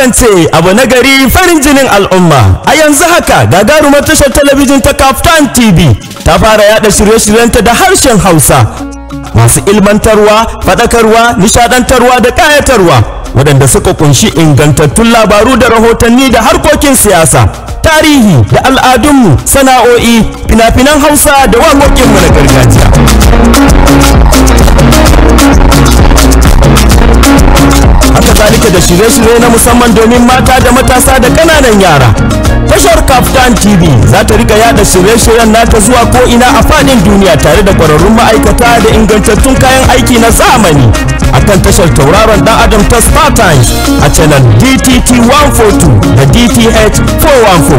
akan abu na gari farin jinin al'umma a yanzu haka gagarumar tashar talabijin ta kaftan tv ta fara yada shirye-shiryenta da harshen hausa masu ilmantarwa faɗakarwa nishadantarwa da kayatarwa waɗanda suka kunshi ingantattun labaru da rahotanni da harkokin siyasa tarihi da al'adunmu sana'o'i fina-finan hausa da waƙoƙinmu na gargajiya haka zalika da shirye-shirye na musamman domin mata da matasa da ƙananan yara tashar kaftan tv za ta rika yada shirye-shiryen nata zuwa ko'ina a fadin duniya tare da kwararrun ma'aikata da ingantattun kayan aiki na zamani a kan tashar tauraron dan adam ta spartans a channel dtt 142 da dth 414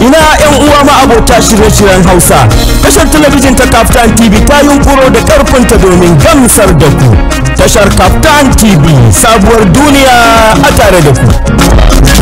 Ina 'yan uwa ma abota shirye-shiryen Hausa. Tashar talabijin ta Kaftan TV ta yunkuro da ƙarfinta domin gamsar da ku. Tashar Kaftan TV sabuwar duniya a tare da ku.